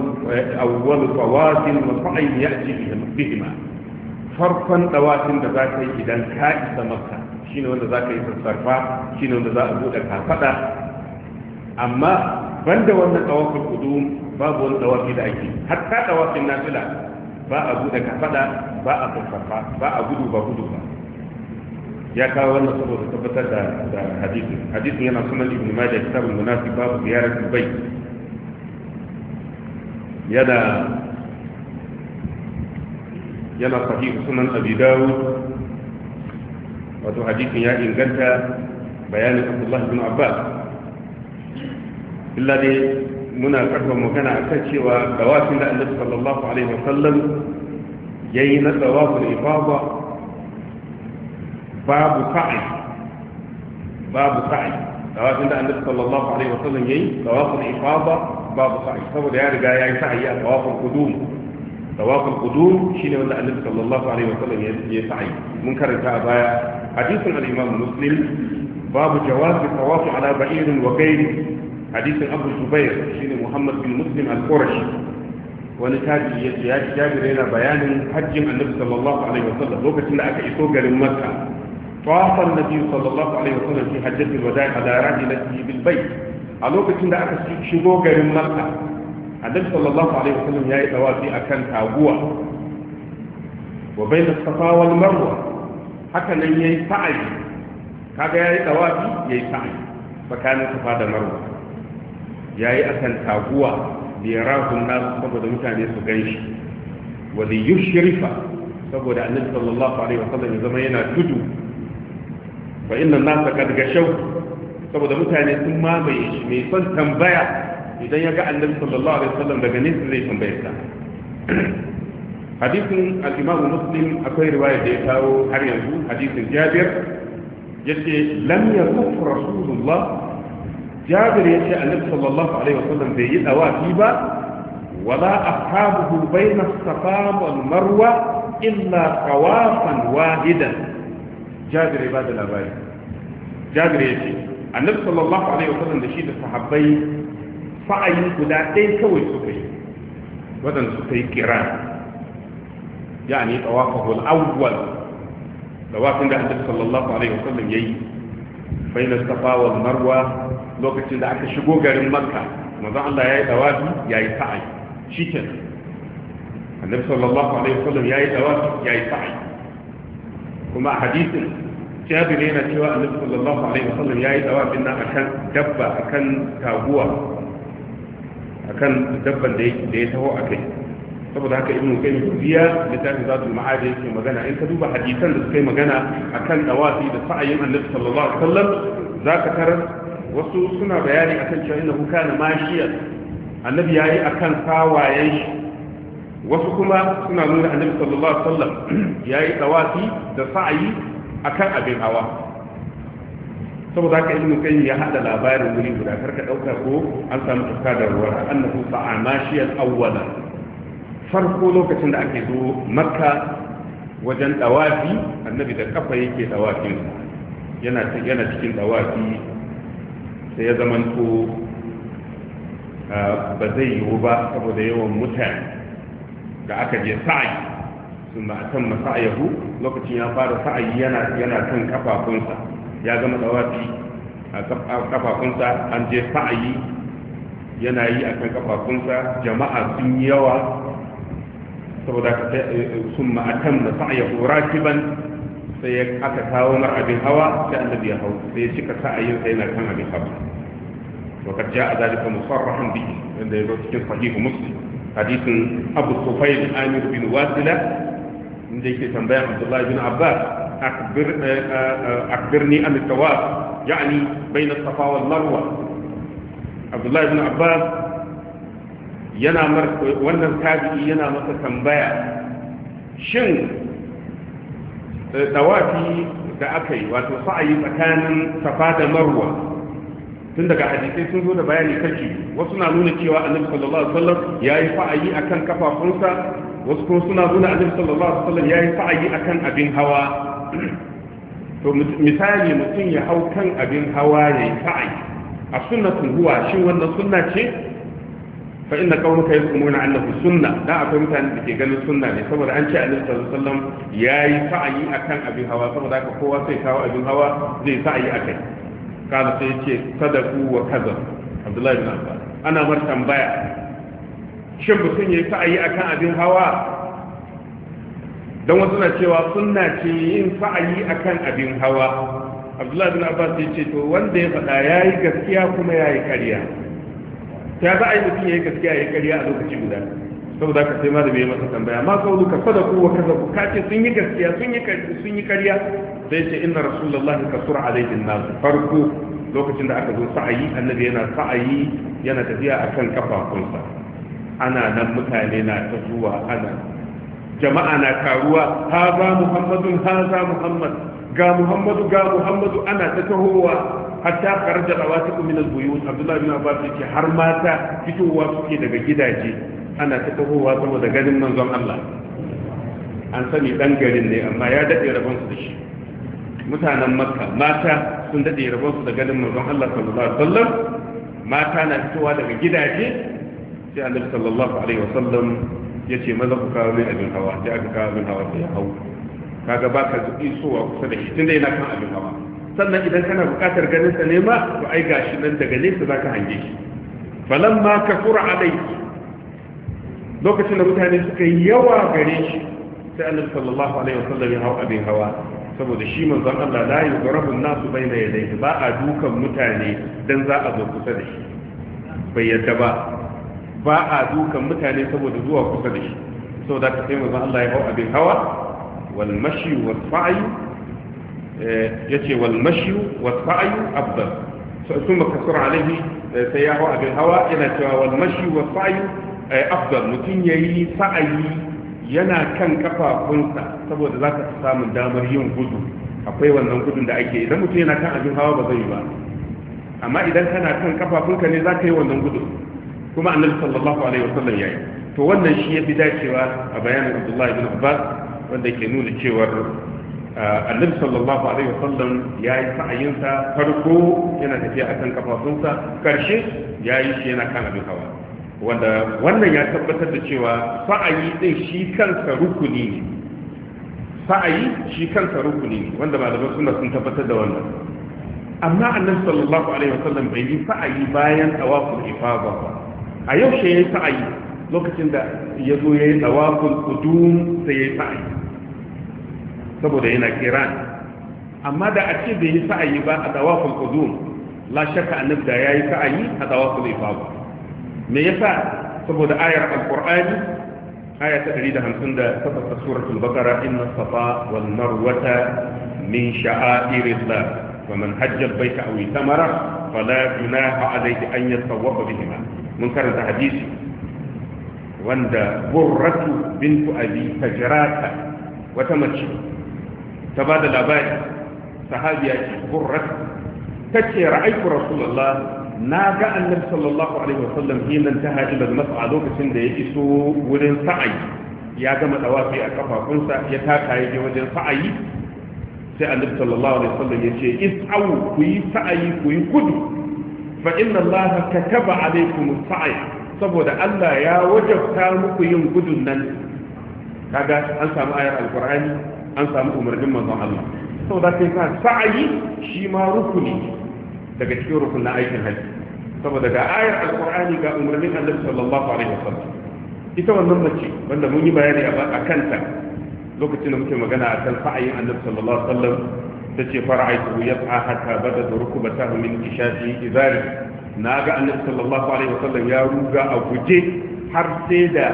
Speaker 1: awwal fawasil mas'ain ya'ti bihima farkon dawafin da za ka yi idan ka isa maka, shi ne wanda za ka yi sassarfa shi ne wanda za a buɗe kafaɗa amma ban da wannan dawafin qudum babu wani dawafi da ake hatta dawafin nafila ba a buɗe kafaɗa, ba a sassarfa ba a gudu ba gudu ba ya kawo wannan saboda tabbatar da hadisin hadisin yana sunan ibn majah kitabul munafiq babu ziyaratul bayt yana yana sahihu sunan abi dawud wato hadisin ya inganta bayanin abdullahi bin abbas illa dai muna karfa magana akan cewa dawafin da annabi sallallahu alaihi wasallam yayi na dawafin ifada babu sa'i babu sa'i tawafin da annabi sallallahu alaihi wasallam yayi tawafin ifada babu sa'i saboda ya riga yayi sa'i a tawafin qudum tawafin qudum shine wanda annabi sallallahu alaihi wasallam ya sa'i mun karanta a baya hadisin al-imam muslim babu jawazi tawafu ala ba'irin wa ghairi hadisin abu zubair shine muhammad bin muslim al-qurashi wani taji ya ce ya jabir yana bayanin hajjin annabi sallallahu alaihi wasallam lokacin da aka iso garin makka طاف النبي صلى الله عليه وسلم في حجة الوداع على راحلته بالبيت a lokacin da aka shigo garin makka annabi sallallahu alaihi wasallam yayi tawafi akan taguwa wa baina safa marwa haka nan yayi sa'i kaga yayi tawafi yayi sa'i tsakanin safa da marwa yayi akan taguwa li yarahu nas saboda mutane su ganshi wa li yushrifa saboda annabi sallallahu alaihi ya zama yana tudu fa inna nasa kad gashau saboda mutane sun mamaye shi mai son tambaya idan ya ga annabi sallallahu alaihi wasallam daga nesa zai tambaye sa hadisin al-imam muslim akwai riwaya da ya kawo har yanzu hadisin jabir yace lam yakuf rasulullah jabir yace annabi sallallahu alaihi wasallam bai yi dawafi ba wala ashabuhu bayna as-safa wal marwa illa qawafan wahidan jabir ya ba da labari jabir ya ce annabi sallallahu alaihi wasallam da shi da sahabbai fa'ayin guda ɗaya kawai suka yi waɗanda suka yi kira yani tawafahul awwal tawafin da annabi sallallahu alaihi wasallam yayi baina safa wal marwa lokacin da aka shigo garin makka manzo Allah yayi tawafi yayi sa'i shikenan annabi sallallahu alaihi wasallam yayi tawafi yi sa'i kuma a hadisin jabir yana cewa annabi sallallahu alaihi wasallam yi tsawafin nan akan dabba akan taguwa akan dabban da da ya taho a kai. saboda haka ibnu kai qayyim dubiya littafin zatul ma'ad yake magana in ka duba hadisan da suka yi magana akan tsawafi da sa'ayin annabi sallallahu alaihi wasallam ka tarar wasu suna bayani akan cewa innahu kana mashiyan annabi yi akan sawayen shi wasu kuma suna nuna annabi sallallahu alaihi wasallam yayi tawafi da sa'ayi akan abin hawa saboda haka ibnu qayyim ya hada labarin wuri guda karka dauka ko an samu tafka da ruwa annahu sa'a mashiyal awwala farko lokacin da ake zo makka wajen dawafi annabi da kafa yake dawafin yana yana cikin dawafi sai ya zamanto ah, ba zai yiwu ba saboda yawan mutane da aka je sa'ayi sun ba a san masa'ayahu lokacin ya fara sa'ayi yana yana kan kafafunsa ya gama tsawafi a kafafunsa an je sa'ayi yana yi a kan kafafunsa jama'a sun yi yawa saboda ka sun eh, eh, ma'atan a sa'ayahu rakiban sai ya aka kawo mar abin hawa sai annabi ya hau sai ya cika sa'ayin sai na kan abin hawa wakar kad ja'a zalika musarrahan bihi wanda zo cikin sahihu muslim hadisin abu sufail amir bin wasila inda yake tambaya abdullahi bin abbas eh, eh, akbirni an tawaf ya'ani bai na wal marwa abdullahi bin abbas yana mar wannan tabi'i yana masa tambaya shin eh, tawafi da aka yi wato sa'ayi tsakanin safa da marwa tun daga hadisai sun zo da bayani sarki. wasu na nuna cewa annabi sallallahu alaihi wasallam yi fa'ayi akan kafafunsa wasu kuma suna nuna annabi sallallahu alaihi wasallam yi fa'ayi akan abin hawa to misali mutum ya hau kan abin hawa ya yayi fa'ayi a sunnatun huwa shin wannan sunna ce fa inna qaumaka yaqumuna annahu sunna da akwai mutane da ke ganin sunna ne saboda an ce annabi sallallahu alaihi wasallam yi fa'ayi akan abin hawa saboda haka kowa sai kawo abin hawa zai fa'ayi akai kala sai ce sadaku wa kaza abdullahi bin abbas ana mar tambaya shin mutum yayi sa'ayi akan abin hawa dan wasu na cewa sunna ce yin sa'ayi akan abin hawa abdullahi bin abbas sai ce to wanda ya faɗa yayi gaskiya kuma yayi ƙarya ta za a yi mutum yayi gaskiya yayi ƙarya a lokaci guda saboda ka sai malami ya masa tambaya ma kawo duka sadaku wa kaza ku kace sun yi gaskiya sun yi sun yi kariya sai ce inna rasulullahi kasura alaihi nas farko lokacin da aka zo sa'ayi annabi yana sa'ayi yana tafiya akan kafafunsa ana nan mutane na ta zuwa ana jama'a na karuwa haza muhammadun haza muhammad ga muhammadu ga muhammadu ana ta tahowa hatta da rawatikum min al-buyut abdullahi bin abbas yake har mata fitowa suke daga gidaje ana ta tahowa da ganin manzon Allah an sani dan garin ne amma ya daɗe rabonsu da shi mutanen makka mata sun daɗe rabonsu da ganin manzon Allah sallallahu alaihi wasallam mata na fitowa daga gidaje sai annabi sallallahu alaihi wasallam ya ce maza ku kawo min abin hawa sai aka kawo min hawa sai ya hau kaga ba ka sowa kusa da shi tunda yana kan abin hawa sannan idan kana buƙatar ganin sa ne ma to ai gashi nan daga nesa za ka hange shi falamma kafura alaihi lokacin da mutane suka yi yawa gare shi sai annabi sallallahu alaihi wasallam ya hau abin hawa saboda shi manzon Allah la yughrabu nasu baina yadayhi ba a dukan mutane dan za a zo kusa da shi bai yadda ba ba a dukan mutane saboda zuwa kusa da shi saboda ka sai manzon Allah ya hau abin hawa wal mashi eh, wal fa'i eh, yace wal mashi wal fa'i afdal ثم كسر عليه سياه أبي الهوى إلى وال مشي والسعي Eh, afdal mutum ya yi sa'ayi yana kan kafafunsa saboda za ka samun damar yin gudu akwai wannan gudun da ake idan mutum yana kan abin hawa ba zai yi ba amma idan kana kan kafafunka ne za ka yi wannan gudun kuma annabi sallallahu alaihi wasallam ya to wannan shi ya fi dacewa a bayanin abdullahi ibn abbas wanda ke nuna cewa eh, annabi sallallahu alaihi wasallam ya sa'ayinsa farko yana tafiya akan kafafunsa karshe yayi yi shi yana kan abin hawa wanda wannan ya tabbatar da cewa sa'ayi ɗin shi kansa rukuni ne sa'ayi shi kansa rukuni ne wanda malaman suna sun tabbatar da wannan amma annabi sallallahu alaihi wasallam bai yi sa'ayi bayan tawaful ifada ba a yau shi yayi sa'ayi lokacin da ya zo yayi tawaful qudum sai yayi sa'ayi saboda yana kiran amma da a ce bai yi sa'ayi ba a tawaful qudum la shakka annabi da yayi sa'ayi a tawaful ifada me yasa saboda ayar alqur'ani aya ta 158 ta suratul baqara inna safa wal marwata min sha'airillah wa man hajja al bayta aw itamara fala junaha alayhi an yatawaffa bihima mun karanta hadisi wanda burratu bintu abi tajrata wata mace ta ba da labari sahabiya ce burratu tace ra'aytu rasulullah na ga annabi sallallahu alaihi wasallam ta haɗu da mas'a lokacin da ya iso wurin sa'ayi ya gama dawafi a kafafunsa ya taka ya je wajen sa'ayi sai annabi sallallahu alaihi wasallam ya ce is'au ku yi sa'ayi ku yi kudu fa inna allaha kataba alaikum sa'ay saboda Allah ya wajabta muku yin gudun nan kaga an samu ayar alqur'ani an samu umarnin manzon Allah saboda kai sa'ayi shi ma rukuni daga cikin rukunin aikin hajji saboda ga ayar alkur'ani ga umarnin annabi sallallahu alaihi wasallam ita wannan mace wanda mun yi bayani a kanta lokacin da muke magana a kan fa'ayin annabi sallallahu alaihi wasallam ta ce fara'aitu yas'a hatta bada da rukubatahu min ishafi izari na ga annabi sallallahu alaihi wasallam ya ruga a guje har sai da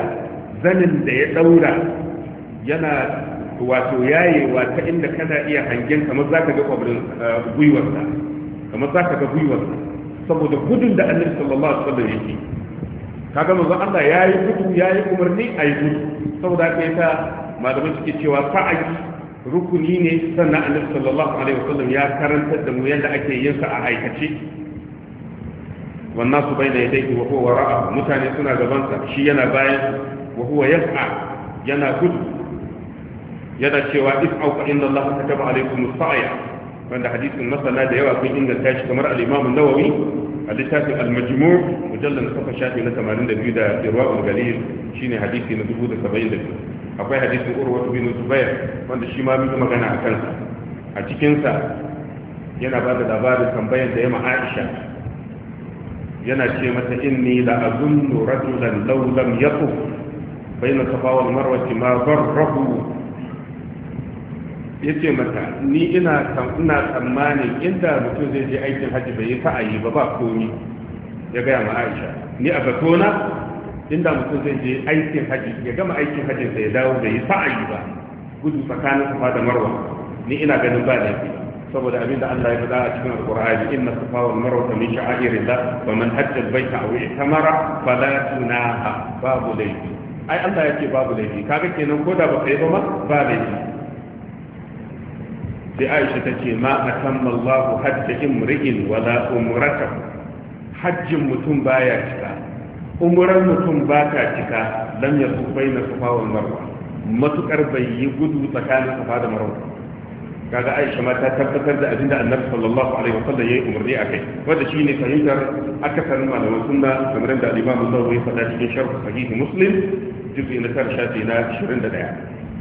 Speaker 1: zanin da ya daura yana wato yayewa wata inda kana iya hangen kamar zaka ga kwabrin eh, gwiwarsa kamar zaka ga gwiwarsa saboda gudun da annabi sallallahu alaihi wasallam yake kaga manzo Allah yayi gudu yayi umarni ayi gudu saboda haka yasa malamai suke cewa sa'ayi rukuni ne sannan annabi sallallahu alaihi wasallam ya karantar da mu yadda ake yin sa a aikace wannan su bai da yadda wa huwa wara'a mutane suna gabansa, shi yana bayan wa huwa yas'a yana gudu yana cewa if auka, inna Allah kataba alaikum as-sa'ya wanda hadisin masana da yawa sun inganta shi kamar al-imam nawawi a littafin al-majmu mujallal kafa shafi na 82 da irwaul galil shine hadisi na 1072 akwai hadisin urwa bin zubair wanda shi ma mun magana a kansa a cikin sa yana da labarin tambayar da yama Aisha yana ce mata inni la azunnu rajulan law lam yaquf bayna safa wal marwa ma barrahu ya ce mata ni ina tsammanin inda mutum zai je aikin hajji bai yi fa'ayi ba ba komi ya gaya ma aisha ni a batona inda mutum zai je aikin hajji ya gama aikin hajjin sai ya dawo bai yi fa'ayi ba gudu tsakanin safa da marwa ni ina ganin ba laifi saboda abinda Allah ya faɗa a cikin alqur'ani inna safa wal marwa min da wa man hajja al-baita aw i'tamara fala tunaha babu laifi ai Allah ya ce babu laifi kaga kenan ko da ba kai ba ma ba laifi sai aisha ta ce ma a tamma allahu hajja imri'in wala umrata hajjin mutum baya cika umuran mutum ba ta cika lam ya bai na safa wal marwa matukar bai yi gudu tsakanin safa da marwa kaga aisha ma ta tabbatar da abinda annabi sallallahu alaihi wa wasallam yayi umarni akai wanda shine fahimtar akasarin malaman sunna kamar da al-imam an-nawawi ya faɗa cikin sharh sahih muslim juz'i na 19 na 21